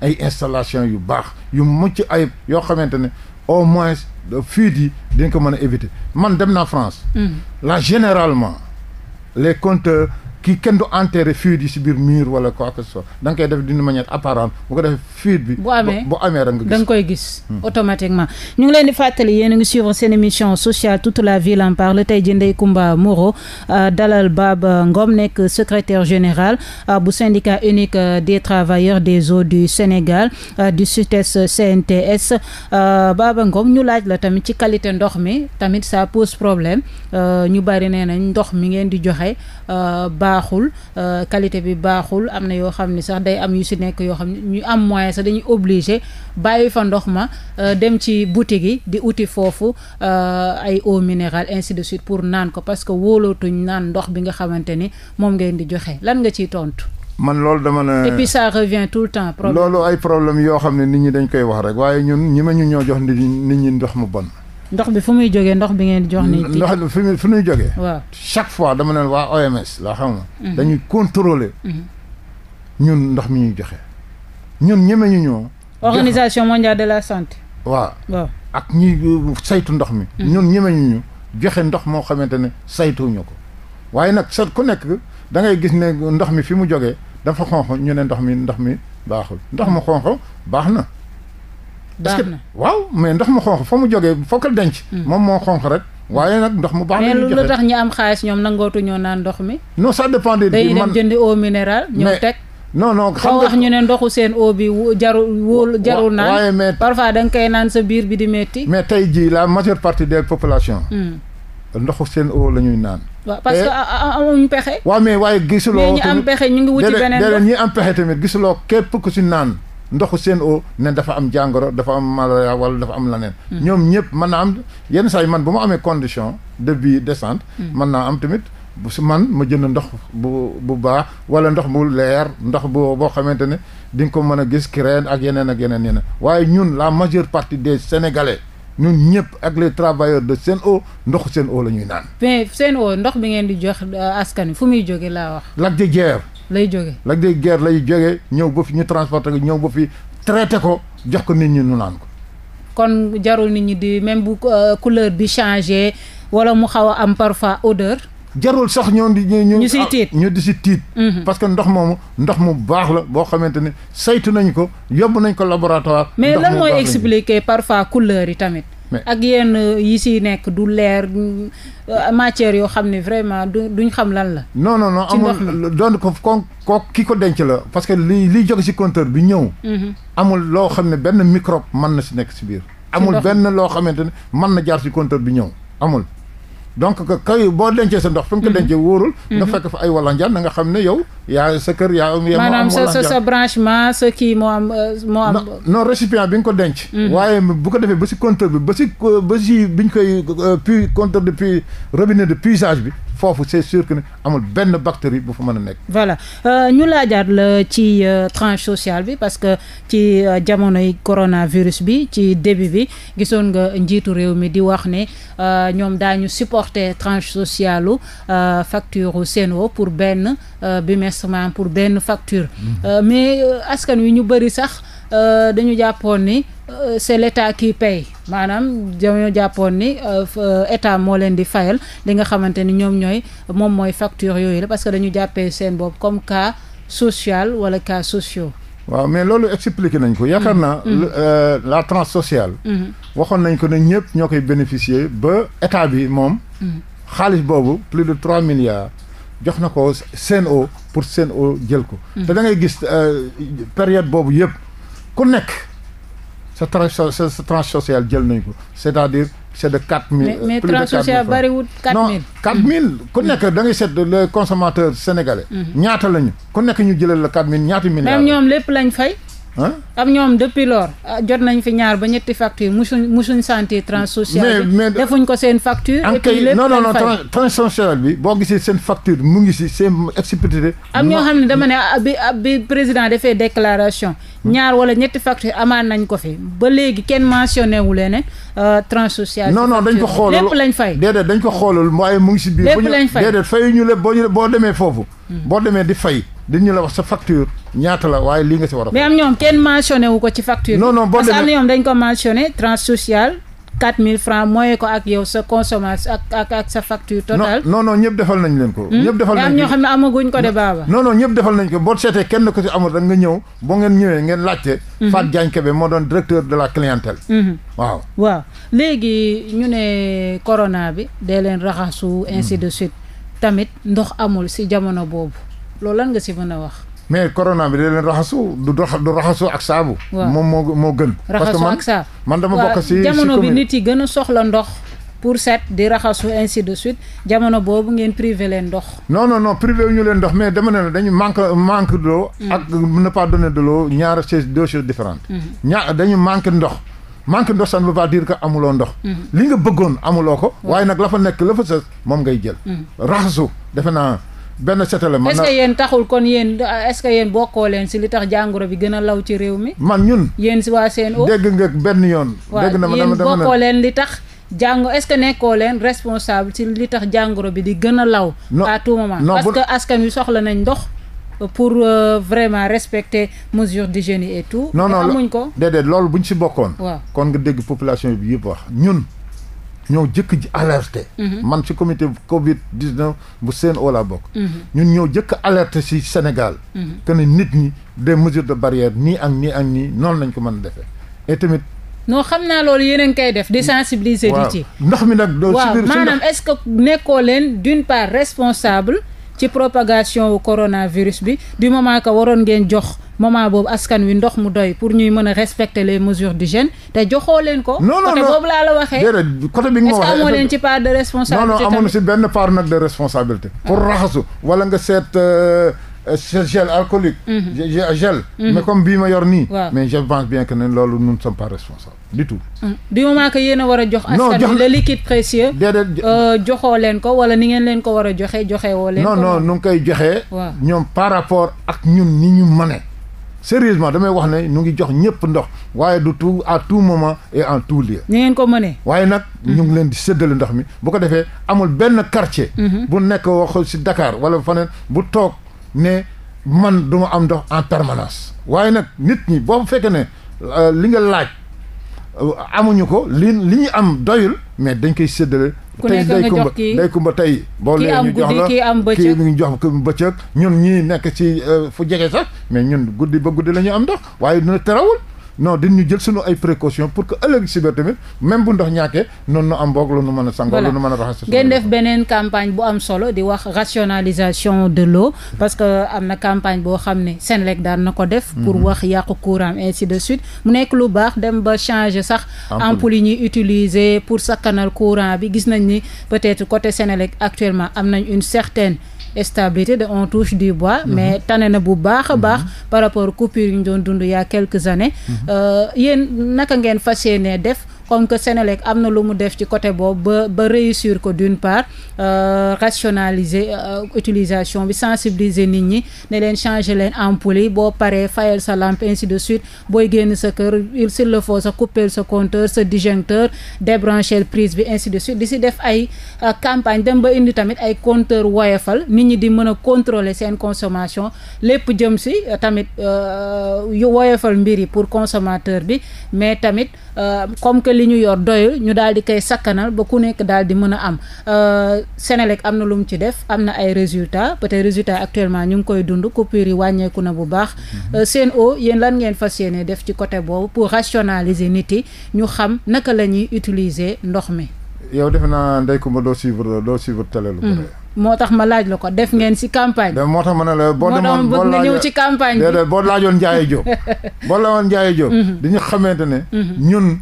S2: ay installation yu baax yu mucc ayib yoo xamante ne au moins fuite yi dañ ko mën a éviter man dem na France. Mm. la généralement le compteurs. kii kenn du enterré fuite yi si biir mur wala quoi que soit da nga koy def d'une manière apparente bu ko defee fuite bi. bu amee bu amee da gis da hmm.
S1: automatiquement ñu ngi leen di fàttali yéen ngi suivre seen émission sociale tout la ville en parle tey jii Ndeye Comba Moreau euh, dalal Baba Ngom nekk secretaire général euh, bu syndicat unique euh, des travailleurs des eaux du Sénégal du SUTES CNTS Baba Ngom ñu laaj la tamit ci qualité ndox mi tamit ça pose problème ñu bari nee ndox mi ngeen di joxe baaxul euh, qualité bi baaxul am na yoo xam ni sax day am yu si nekk yoo xam ni ñu am moyen sax dañuy obligé bàyyi fa ndox ma euh, dem ci buti yi di uti foofu euh, ay eau minérale ainsi pour naan ko parce que wóolootuñ naan ndox bi nga xamante ni moom ngeen di joxe lan nga ciy tontu.
S2: man loolu dama ne. et puis ça
S1: revient tout le temps. loolu
S2: ay problème yoo xam ne nit ñi dañ koy wax rek waaye ñun ñi ma ñu ñoo jox nit ñi ndox mu bon.
S1: ndox bi fu muy jógee ndox bi ngeen jox nii ndox
S2: bi fu muy fu muy chaque fois dama waa OMS laa xam nga. Mhm. dañuy contrôler. Mhm. ñun ndox mi ñuy joxe. ñun ñeme ñu ñoo.
S1: organisation mondiale de la santé.
S2: Euh, saytu ndox mi. Mhm. ñun ñeme ñu joxe ndox moo xamante ne saytuñu ko. waaye nag sa ku nekk da ngay gis ne ndox mi fi mu jógee dafa xonq ñu ne ndox mi ndox mi baaxul ndox mu xonq baax na. parce que waaw mais ndox mu xonq fa mu jógee fokkal denc. Mm. moom moo xonq rek. waaye nag ndox mu baax la ñuy joxe tax
S1: ñu am xaalis ñoom nangootu naan ndox mi.
S2: non ça dépend de. dañuy dem jëndi
S1: eau minérale ñoo teg. non non xam ñu ne ndoxu seen eau bi jaru wóolu jarul naan waaye mais parfois da nga naan sa biir bi di metti
S2: mais tey jii la majeure partie des populations. Hmm. ndoxu seen eau la ñuy naan.
S1: waaw parce que amuñu pexe.
S2: waa mais waaye gisuloo. mais ñi am pexe ñu ngi wuti beneen ndox ñi am pexe tamit gisuloo képp ku si naan. ndoxu seen o ne dafa am jàngoro dafa am malaria wala dafa am leneen. Hmm. ñoom ñëpp mën naa am yenn saa yi man bu ma amee condition de vie décente. Hmm. mën naa am tamit bu su man ma jënd ndox bu bu baax wala ndox bu leer ndox bu boo xamante ne di nga ko mën a gis kireen ak yeneen ak yeneen yeneen waaye ñun la majeure partie des sénégalais. ñun ñëpp ak les travailleurs de o ndoxu Sen'Eau la ñuy naan.
S1: mais Sen'Eau ndox bi ngeen di jox euh, askan wi fu muy jóge laa wax. Lac lay jóge
S2: Lac de lay jóge ñëw ba fi ñu transporté ko ñëw ba fi traité ko jox ko nit ñu nu naan ko
S1: kon jarul nit ñi di même bu euh, couleur bi changé wala mu xaw a am parfois odeur
S2: jarul sax ñoon ñu ñu si tiit ah, ñu di si tiit mhm. parce que ndox moom ndox mu baax la boo xamante ne saytu nañ ko yóbbu nañ ko laboratoire mais lan mooy
S1: expliquer parfois couleur yi tamit ak yenn yi siy nekk du leer euh, matière yoo xam ne vraiment du duñ xam lan la.
S2: non non non amul doon ko ko ki ko denc la parce que li liy jóge ci compteur bi ñëw. Mhm. amul loo xam ne benn microbe mën na si nekk si biir. amul benn loo xamante ne mën na jaar si compteur bi ñëw amul. donc que kaw boo dencee sa ndox fi nga ko mhm. dencee wóorul. nga mhm. fekk fa ay walanjaan na nga xam ne yow. yaa sa kër yaa am. yaa am sa sa
S1: branchement sa kii moo am euh,
S2: moo récipient bi nga ko denc. Mhm. waaye bu ko defee ba si compteur bi ba si ba si bi ñu koy euh, puis de puis robinet bi. foofu c'est sûr que ne amul benn bactérie bu fa mën a nekk.
S1: voilà euh, ñu laajaat la ci tranche sociale bi parce que ci jamonoy coronavirus bi ci début bi gisoon nga njiitu réew mi di wax ne ñoom daañu support. porter tranche sociale euh, facture Sen'Eau pour benn bi euh, bimestrement pour benn facture mhm. euh, mais askan wi ñu bëri sax dañu jàppoon ni c'est l'état qui paye maanaam dañoo jàppoon ni état moo leen di fayal li nga xamante ni ñoom ñooy moom mooy facture yooyu la parce que dañu jàppee seen bopp comme cas social wala cas sociaux
S2: waaw mais loolu expliqué nañ ko yaakaar naa mm-hmm. euh, la tranche sociale mm-hmm. waxoon nañ ko ne ñëpp ñoo koy bénéficier ba état bi moom mm-hmm. xaalis boobu plus de trois milliards jox na ko Sen'Eau pour Sen'Eau jël ko te da ngay gis euh, période boobu yëpp ku nekk sa tranche sa sociale jël nañ ko c'est-à-dire c'est de quatre plus de quatre mille mais tranche sociale bariwul
S1: quatre mille. non quatre mm-hmm.
S2: mille ku nekk da ngay seet le consommateur mm-hmm. ñaata lañu ku nekk ñu jëlal la quatre mille ñaata milliards. même
S1: ñoom lépp lañ fay. am ñoom depuis lors ah, jot nañ fi ñaar ba ñetti facture musuñ musuñ santé trans sociale mais defuñ ko seen facture et non non non
S2: trans sociale bi boo gisee seen facture mu ngi si seen expliqué am ñoo xam ne dama ne
S1: ah, bi ah, bi président defee déclaration hmm. ñaar wala ñetti facture amaan nañ ko fi ba léegi kenn mentionné wu leen ne euh, trans sociale non dañ ko xoolul lépp lañ fay
S2: déedéet dañ ko xoolul waaye mu ngi si biir lépp lañ fay déedéet fayuñu lépp boo ñu boo demee foofu hmm. boo demee di fay dañu la wax sa facture ñaata la waaye lii nga si war a. mais
S1: am ñoom kenn mentionné ko ci
S2: facture. non non boo demee parce que am ñoom
S1: dañ ko mentionné tranche sociale. 4000 francs mooy ko ak yow sa consommation ak ak ak sa facture totale.
S2: non non ñëpp defal nañ leen ko. Hmm? ñëpp defal nañ ko ñoo xam ne amaguñ ko de baaba. non non ñëpp defal nañ seetee kenn ko ci amul rek nga ñëw boo ngeen ñëwee ngeen laajte. Hmm. Fatou Diagne Kébé moo doon directeur de la clientèle. Hmm. waaw waaw
S1: léegi ñu ne corona bi dee leen raxasu ainsi d suite tamit ndox amul si jamono boobu. lool lan nga si mën a wax.
S2: mais corona bi da leen raxasu du du raxasu ak saabu. moom moo moo gën. raxasu ak saabu man dama bokk si jamono bi nit
S1: yi gën a soxla ndox. pour set di raxasu ainsi de suite jamono boobu ngeen privé leen ndox.
S2: noon non non privé wu ñu leen ndox mais dama ne la dañu manque manque d'eau. Mm. ak ne pas donner de l'eau ñaar chose deux choses différentes.
S3: Mm.
S2: dañu manque ndox. manque ndox ça ne veut pas dire amuloo ndox. Mm. li nga bëggoon amuloo ko. waaye nag la fa nekk la fa moom ngay jël. raxasu defe naa. benn setale man est-ce que yéen
S1: taxul kon yéen est-ce que yéen bokkoo leen si li tax jàngoro bi gën a law ci réew mi.
S2: man ñun yéen si waa CNO. dégg nga benn yoon. dégg na ma dama dama bokkoo
S1: leen li tax. jàngo est-ce que nekkoo leen responsable ci li tax jàngoro bi di gën a law. à tout moment parce askan wi soxla nañ ndox. pour euh, vraiment respecter mesures d'hygiène et tout. non
S2: non amuñ ko déedéet loolu bu ñu si bokkoon. waaw kon nga dégg population bi yëpp wax ñun. ñoo jëkk ji alerté mhm. man ci comité covid 19 bu CNO laa bokk mhm. ñun ñoo jëkk alerte ci Sénégal mhm. que nit ñi de mesures de barrière nii ak nii ak nii noonu lañ ko mën a defee et tamit
S1: non xam naa loolu yéen a ngi koy def di sensibiliser nit
S2: ndox mi nag doo waaw maanaam est-ce
S1: que nekkoo leen d'une part responsable ci propagation wu coronavirus bi du moment que waroon ngeen jox moment boobu askan wi ndox mu doy pour ñuy mën a respecter les mesures d'hygiène te joxoo leen ko. non non boobu laa la waxee. déedéet
S2: côté bi nga ma waxee est-ce ci
S1: part de responsabilité. non amoon na
S2: si benn part nag de responsabilité. pour ah. raxasu wala nga seet. Euh, gel alcoolique. Mhm. gel. Mhm. mais comme bii ma yor nii. mais je pense bien que ne loolu nous ne sommes pas responsables du tout.
S1: du moment que yéen a war a jox. askan wi le liquide précieux. déedéet euh, joxoo leen ko wala ni ngeen leen ko war a joxe joxe woo leen. non non
S2: nu ngi koy joxee. ñoom par rapport ak ñun ni ñu mëne. sérieusement damay wax ne ñu ngi jox ñëpp ndox waaye du tout à tout moment et en tout lieu. ni ngeen ko mënee. waaye nag mhm. ñu ngi leen di séddale ndox mi bu ko defee amul benn quartier. bu wala faneen ne man du ma am ndox en permanence waaye nag nit ñi boo fekkee ne euh, li nga laaj euh, amuñu ko li li ñuy am doyul mais dañ koy séddale tey day kumba day kumba tey boo lee ñu jox la kii am guddi kii ñu jox ko bëccëg ñun ñii nekk ci euh, fu jege sax mais ñun guddi ba guddi la ñu am ndox waaye dina terawul non dañu jël suñu ay précautions pour que ëllëg si biir tamit bu ndox ñàkkee noonu nu am boog lu nu mën a sangoo lu nu mën a raxas ngeen
S1: def beneen campagne bu am solo di wax rationalisation de l'eau parce que am na campagne boo xam ne Senelec daan na ko def pour mhm. wax yàqu courant ainsi de suite mu nekk lu baax dem ba changer sax ampoule yi ñuy utiliser pour sakkanal courant bi gis nañ ni peut-être côté Senelec actuellement am nañ une certaine stabilité de on touche du bois. Mhm. mais tane na bu baax a mhm. baax. par rapport coupure yu ñu doon dund yaa y a quelques années. Mhm. Euh, yéen naka ngeen fas yéenee def. comme que Sénélec am na lu mu def ci côté boobu ba ba réussir ko d'une part euh, rationaliser euh, utilisation bi sensibiliser nit ñi ne leen changer leen ampoule boo paree fayal sa lampe ainsi de suite booy génn sa kër il s'il le faut sa couper sa compteur sa disjoncteur débrancher prise bi ainsi de suite di si def ay euh, campagne dem ba indi tamit ay compteur woyefal nit ñi di mën a contrôler seen consommation lépp jëm si tamit woyefal mbir yi pour consommateur bi mais tamit Euh, comme que li ñu yor doyul ñu daal di koy sakkanal ba ku nekk daal di mën a am euh, Sénélec am na lu mu ci def am na ay résultat peut-être résultat actuellement ñu ngi koy dund coupure yi wàññeeku na bu baax. Mhm. Euh, Sen'Eau yéen lan ngeen fas yéene def ci côté boobu pour rationaliser nit yi ñu xam naka la ñuy utiliser ndox mi.
S2: yow defe naa Ndeye Comba doo suivre doo suivre télé lu bëri
S1: moo tax ma laaj la ko def ngeen si campagne.
S2: moo tax ma ne la boo demoon boo bëgg nga ñëw ci campagne bi boo laajoon Ndiaye Diop boo laajoon Ndiaye Diop. Mhm. dañu xamante ne. Mhm. ñun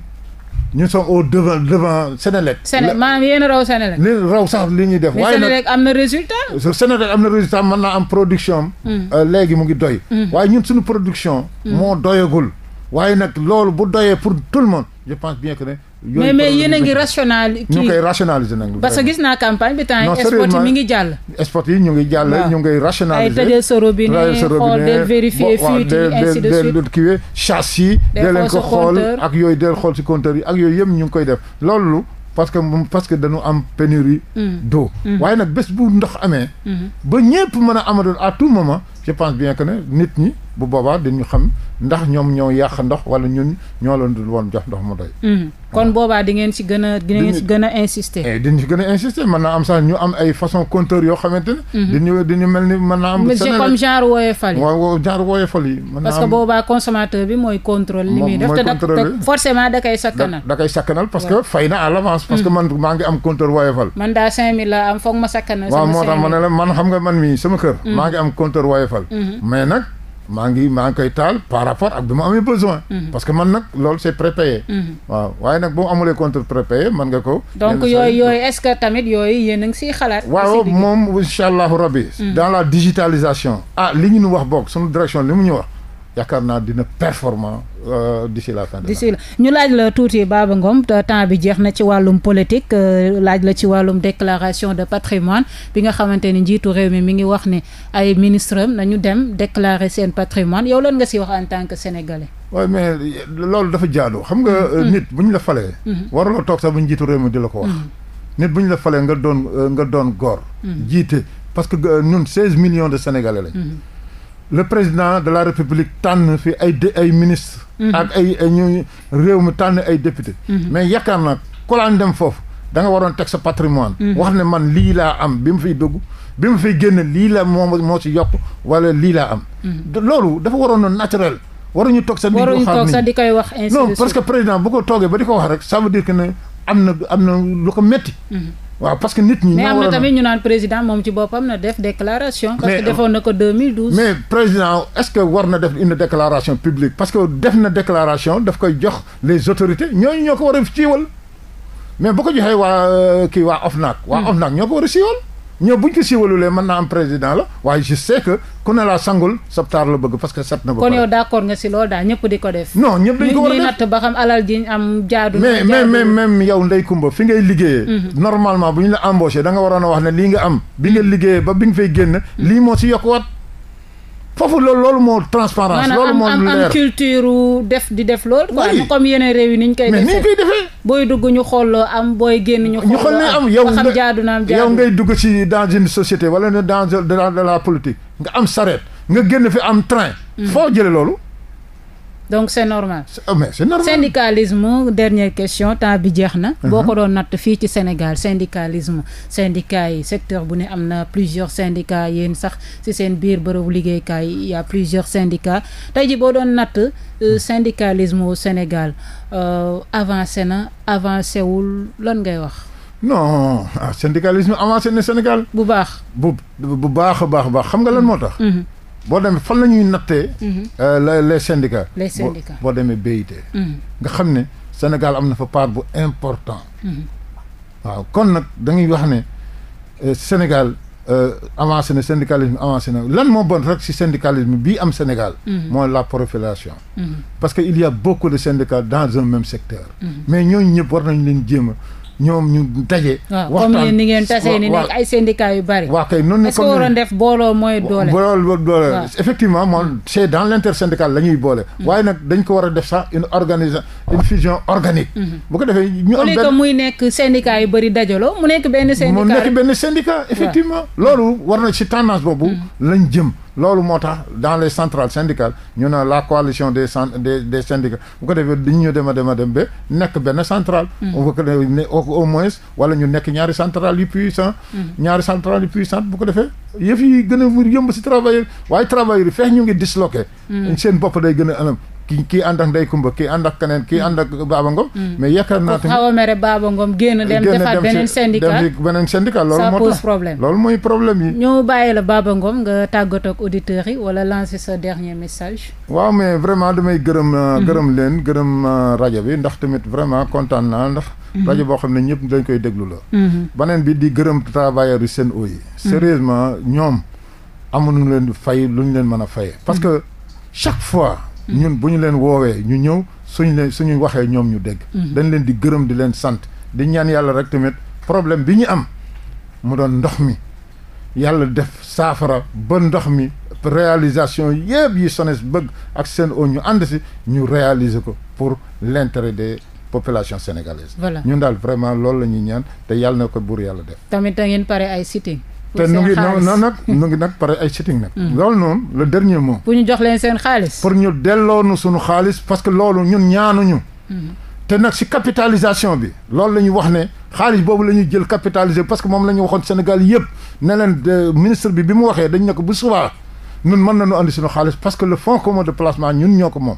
S2: ñu sommes au devant devant Sénélec. Sénélec
S1: maanaam yéen a raw Sénélec.
S2: li raw sax li ñuy def. waaye nag am na résultat. Sénélec am na résultat mën naa am production am. Mhm. Euh, léegi mu ngi doy. waaye ñun suñu production. moo doyagul. waaye nag loolu bu doyee pour tout le monde je pense bien que mais mais yéen a ngi
S1: rational. kii ñu
S2: koy parce que
S1: gis naa campagne bi temps yi export yi mi ngi jàll.
S2: export yi ñu ngi jàll. ñu ngi rationaliser ay tëjee sa robinet xool del vérifier fuite yi ainsi de suite chasse yi. del ko xool ak yooyu del xool si compteur yi ak yooyu yëpp ñu ngi koy def loolu. parce que parce que dañu am pénurie mm. d'eau. Mm. waaye nag bés bu ndox amee. Mm-hmm. ba ñëpp mën a amadoon à tout moment. je pense bien que ne nit ñi bu boobaa dañu xam ndax ñoom ñoo yàq ndox wala ñun ñoo leen dul woon jox ndox mu doy.
S1: Mhm. kon boobaa di ngeen ci gën a. di ngeen ci gën a insister. Eh,
S2: di ci a insister am sax ñu am ay façon compteur yoo xamante ne. Mhm. dañu dañu mel ni mën naa am. Sénégal comme genre woyofal yi. waaw genre woyofal yi. mën naa am parce que
S1: boobaa consommateur bi mooy contrôle. li muy def te forcément da koy sakkanal.
S2: da koy mhm. maa ngi am compteur waaw
S1: moo tax ma ne
S2: la man xam nga man mii sama kër. maa ngi am compteur woyofal defal. Mhm. mais nag maa ngi maa ngi koy taal par rapport ak bi mu amee besoin. Mhm. parce que man nag lool c'est prépayé. Mhm. waaw waaye nag boo amulee contre prépayé man nga ko. donc yooyu
S1: yooyu est-ce que tamit yooyu yéen a ngi siy xalaat.
S2: waaw moom incha allahu rabbi. dans la digitalisation. ah li ñu nu wax boog sunu direction li mu ñu wax. yaakaar naa dina performant euh, d'ici la fin de d'ici
S1: la ñu laaj la tuuti baaba ngoom temps bi jeex na ci wàllum politique euh, laaj la ci wàllum déclaration de patrimoine bi nga xamante ni njiitu réew mi mi ngi wax ni ay ministre am nañu dem déclarer seen patrimoine yow lan nga si wax en tant que sénégalais.
S2: waaye mais euh, loolu dafa jaadu xam nga. Mm-hmm. nit bu ñu la falee. Mm-hmm. waraloo toog sax bu ñu jiitu réew mi di la ko wax. Mm-hmm. nit bu ñu la falee nga doon nga doon goor jiite parce que ñun seize millions de sénégalais le président de la république tànn fi ay de ay ministre mhm. ak ay ñu réew mi tànn ay député mhm. mais yaakaar naa ku dem foofu da nga waroon teg sa patrimoine mhm. wax ne man lii laa am bi mu fiy dugg bi mu fi génn lii la moo moo si yokk wala lii laa am loolu dafa waroon noonu naturel waruñu toog sax di koy
S1: wax non parce que
S2: président bu ko toogee ba di ko wax rek ça veut dire que ne am na am na lu ko metti waaw parce que nit ñi. mais am na
S1: ñu naan président moom ci boppam na def déclaration. parce que defoon
S2: na ko 2012. mais président est-ce que war na def une déclaration publique parce que def na déclaration daf koy jox les autorités ñooñu ñoo ko war a siiwal mais bu ko joxee waa euh, kii waa OFNAC. waa hmm. OFNAC ñoo ko war a siiwal. ñoom bu ñu ko siiwalulee mën naa am président la waaye je sais que ku ne laa sangul sabtaar la bëgg parce set na ba kon yow
S1: d'accord nga si loolu daal ñëpp di ko def
S2: non ñëpp dañ ko war a natt
S1: ba xam alal ji am jaadu mais mais mais
S2: même yow Ndeye Comba fi ngay liggéeyee mhm. normalement bu ñu la embauché da nga waroon a wax ne lii nga am bi nga liggéeyee ba bi nga fay génn lii moo si yokkuwaat foofu loolu loolu moo transparence loolu moo leer
S1: am def di def loolu quoi comme yeneen réew yi ni ñu koy defee mais booy dugg ñu xool am booy génn ñu ne am yow xam
S2: jaadu na am ngay dugg ci dans une société wala dans dans la politique nga am sareet nga génn fi am train mm. foo jële loolu
S1: donc c' est normal. Oh, mais c' est normal question temps bi jeex na. Mhm. boo ko doon natt fii ci Sénégal syndicalisme syndicats yi secteur bu ne am na plusieurs syndicats yéen sax ci seen biir bërëbu liggéeykaay yi y' a plusieurs syndicats tey ji boo doon natt euh, mhm. syndicalisme wu Sénégal euh, avancé na avancé wul lan ngay wax.
S2: non ah, syndicalisme avancé na Sénégal. bu baax bu bu baax a baax a baax xam nga lan moo tax. Mhm. boo demee fan la ñuy nattee. Mhm. Euh, la les syndicats. les syndicats boo demee BIT. Mhm. nga xam ne Sénégal am na fa part bu important. Mhm. waaw kon nag dañuy wax ne euh, Sénégal euh, avancé na syndicalisme avancé na lan moo bon rek ci syndicalisme bi am Sénégal. mooy la profilation. parce que il y a beaucoup dans un même secteur. mais ñooñu ñëpp war nañu leen jéema ñoom ñu daje. waxtaan comme ni ngeen tasee ni nekk ay
S1: syndicats yu bari. waaw kay noonu est-ce que waroon def booloo
S2: mooy doole. booloo doole effectivement moom c'est dans l'intersyndical la ñuy boole. Hmm. waaye nag dañ ko war a def sax une organisation une fusion organique. Hmm. bu ko defee ñu am benn
S1: muy nekk syndicat yu bari dajaloo mu nekk benn syndicat. mu nekk benn
S2: syndicat effectivement. loolu war na si tendance boobu hmm. lañ jëm. loolu moo tax dans les centrale syndicales ñu ne la coalition des des des syndicats bu ko defee dañu ñu dem dema dem a dem ba nekk benn centrale. bu mm. au moins wala ñu nekk ñaari centrales yu puissant mm. ñaari centrales yu puissant bu ko defee yëf yi gën a yëmb si travailleurs waaye travailleurs yi feex ñu ngi disloqué. Mm. seen bopp day gën a alam ki kii ànd ak Ndeye Kumba kii ànd ak keneen kii mm. ànd ak Baba Ngom. Mm. mais yaakaar naa tamit a mere Baba Ngom génn dem defaat beneen syndicat génn dem beneen syndicat loolu moo tax problème loolu mooy problème yi.
S1: ñu bàyyi la Baba Ngom nga tàggatoo ak auditeurs yi wala lancer sa dernier message.
S2: waaw mais vraiment damay gërëm. Euh, mm-hmm. gërëm leen gërëm euh, rajo bi ndax tamit vraiment kontaan naa ndax. Mm-hmm. rajo boo xam ne ñëpp dañ koy déglu la. Mm-hmm. beneen bi di gërëm travailleurs yu seen eau yi. sérieusement ñoom amuñu leen fay lu ñu leen mën a fayee. parce que chaque ñun bu ñu leen woowee ñu ñëw suñ leen suñu waxee ñoom ñu dégg. Mm-hmm. dañ leen di gërëm di leen sant di ñaan yàlla rek tamit problème bi ñu am mu doon ndox mi yàlla def saafara ba ndox mi réalisation yëpp yi SONES bëgg ak seen Sen'Eau ñu ànd si ñu réaliser ko pour l'intérêt de population sénégalaise. voilà ñun daal vraiment lool la ñuy ñaan te yàlla na ko buur yàlla def.
S1: tamit da ngeen pare ay cité. te nu ngi non nag
S2: ngi nag pare ay sitting nag mm. loolu noonu le dernier mot pour ñu jox leen seen xaalis pour ñu delloonu suñu xaalis parce que loolu ñun ñaanuñu mm-hmm. te nag si capitalisation bi loolu la ñuy wax ne xaalis boobu la ñuy jël capitalisé parce que moom la ñu waxoon Sénégal yëpp ne leen ministre bi bi mu waxee dañ ne ko bu subaa ñun mën na nañu andi suñu xaalis parce que le fonds commun de placement ñun ñoo ko moom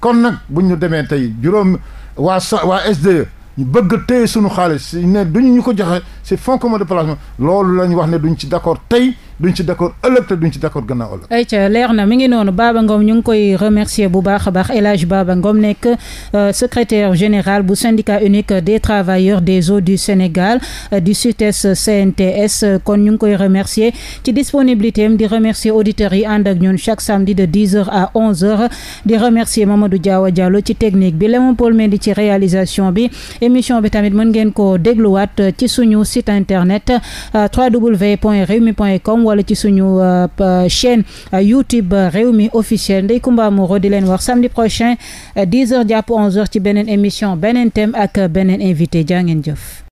S2: kon nag bu ñu demee tey juróom waa waa SDE ñu bëgg a sunu xaalis ne duñu ñu ko joxe si fonds commun de placement loolu la ñu wax ne duñ ci d'accord tey duñ ci d'accord ëllëg te ci d'accord gannaaw
S1: leer na mi ngi noonu Baba Ngom ñu ngi koy remercier bu baax a baax El Hadj Baba Ngom nekk euh, secrétaire général bu syndicat unique des travailleurs des eaux du Sénégal euh, du sut CNTS kon ñu ngi koy remercier ci disponibilité am di remercier auditeurs yi ànd ak ñun chaque samedi de 10h à 11h di remercier Mamadou Diawa Diallo ci technique bi Léon Paul Mendy ci réalisation bi émission bi tamit mën ngeen ko dégluwaat ci suñu site internet euh, www.rewmi.com wala ci suñu euh, chaîne euh, YouTube euh, mi officiel ndey Comba Moreau di leen wax samedi prochain 10 heures jàpp 11 ci beneen émission beneen thème ak beneen invité jaa ngeen jëf.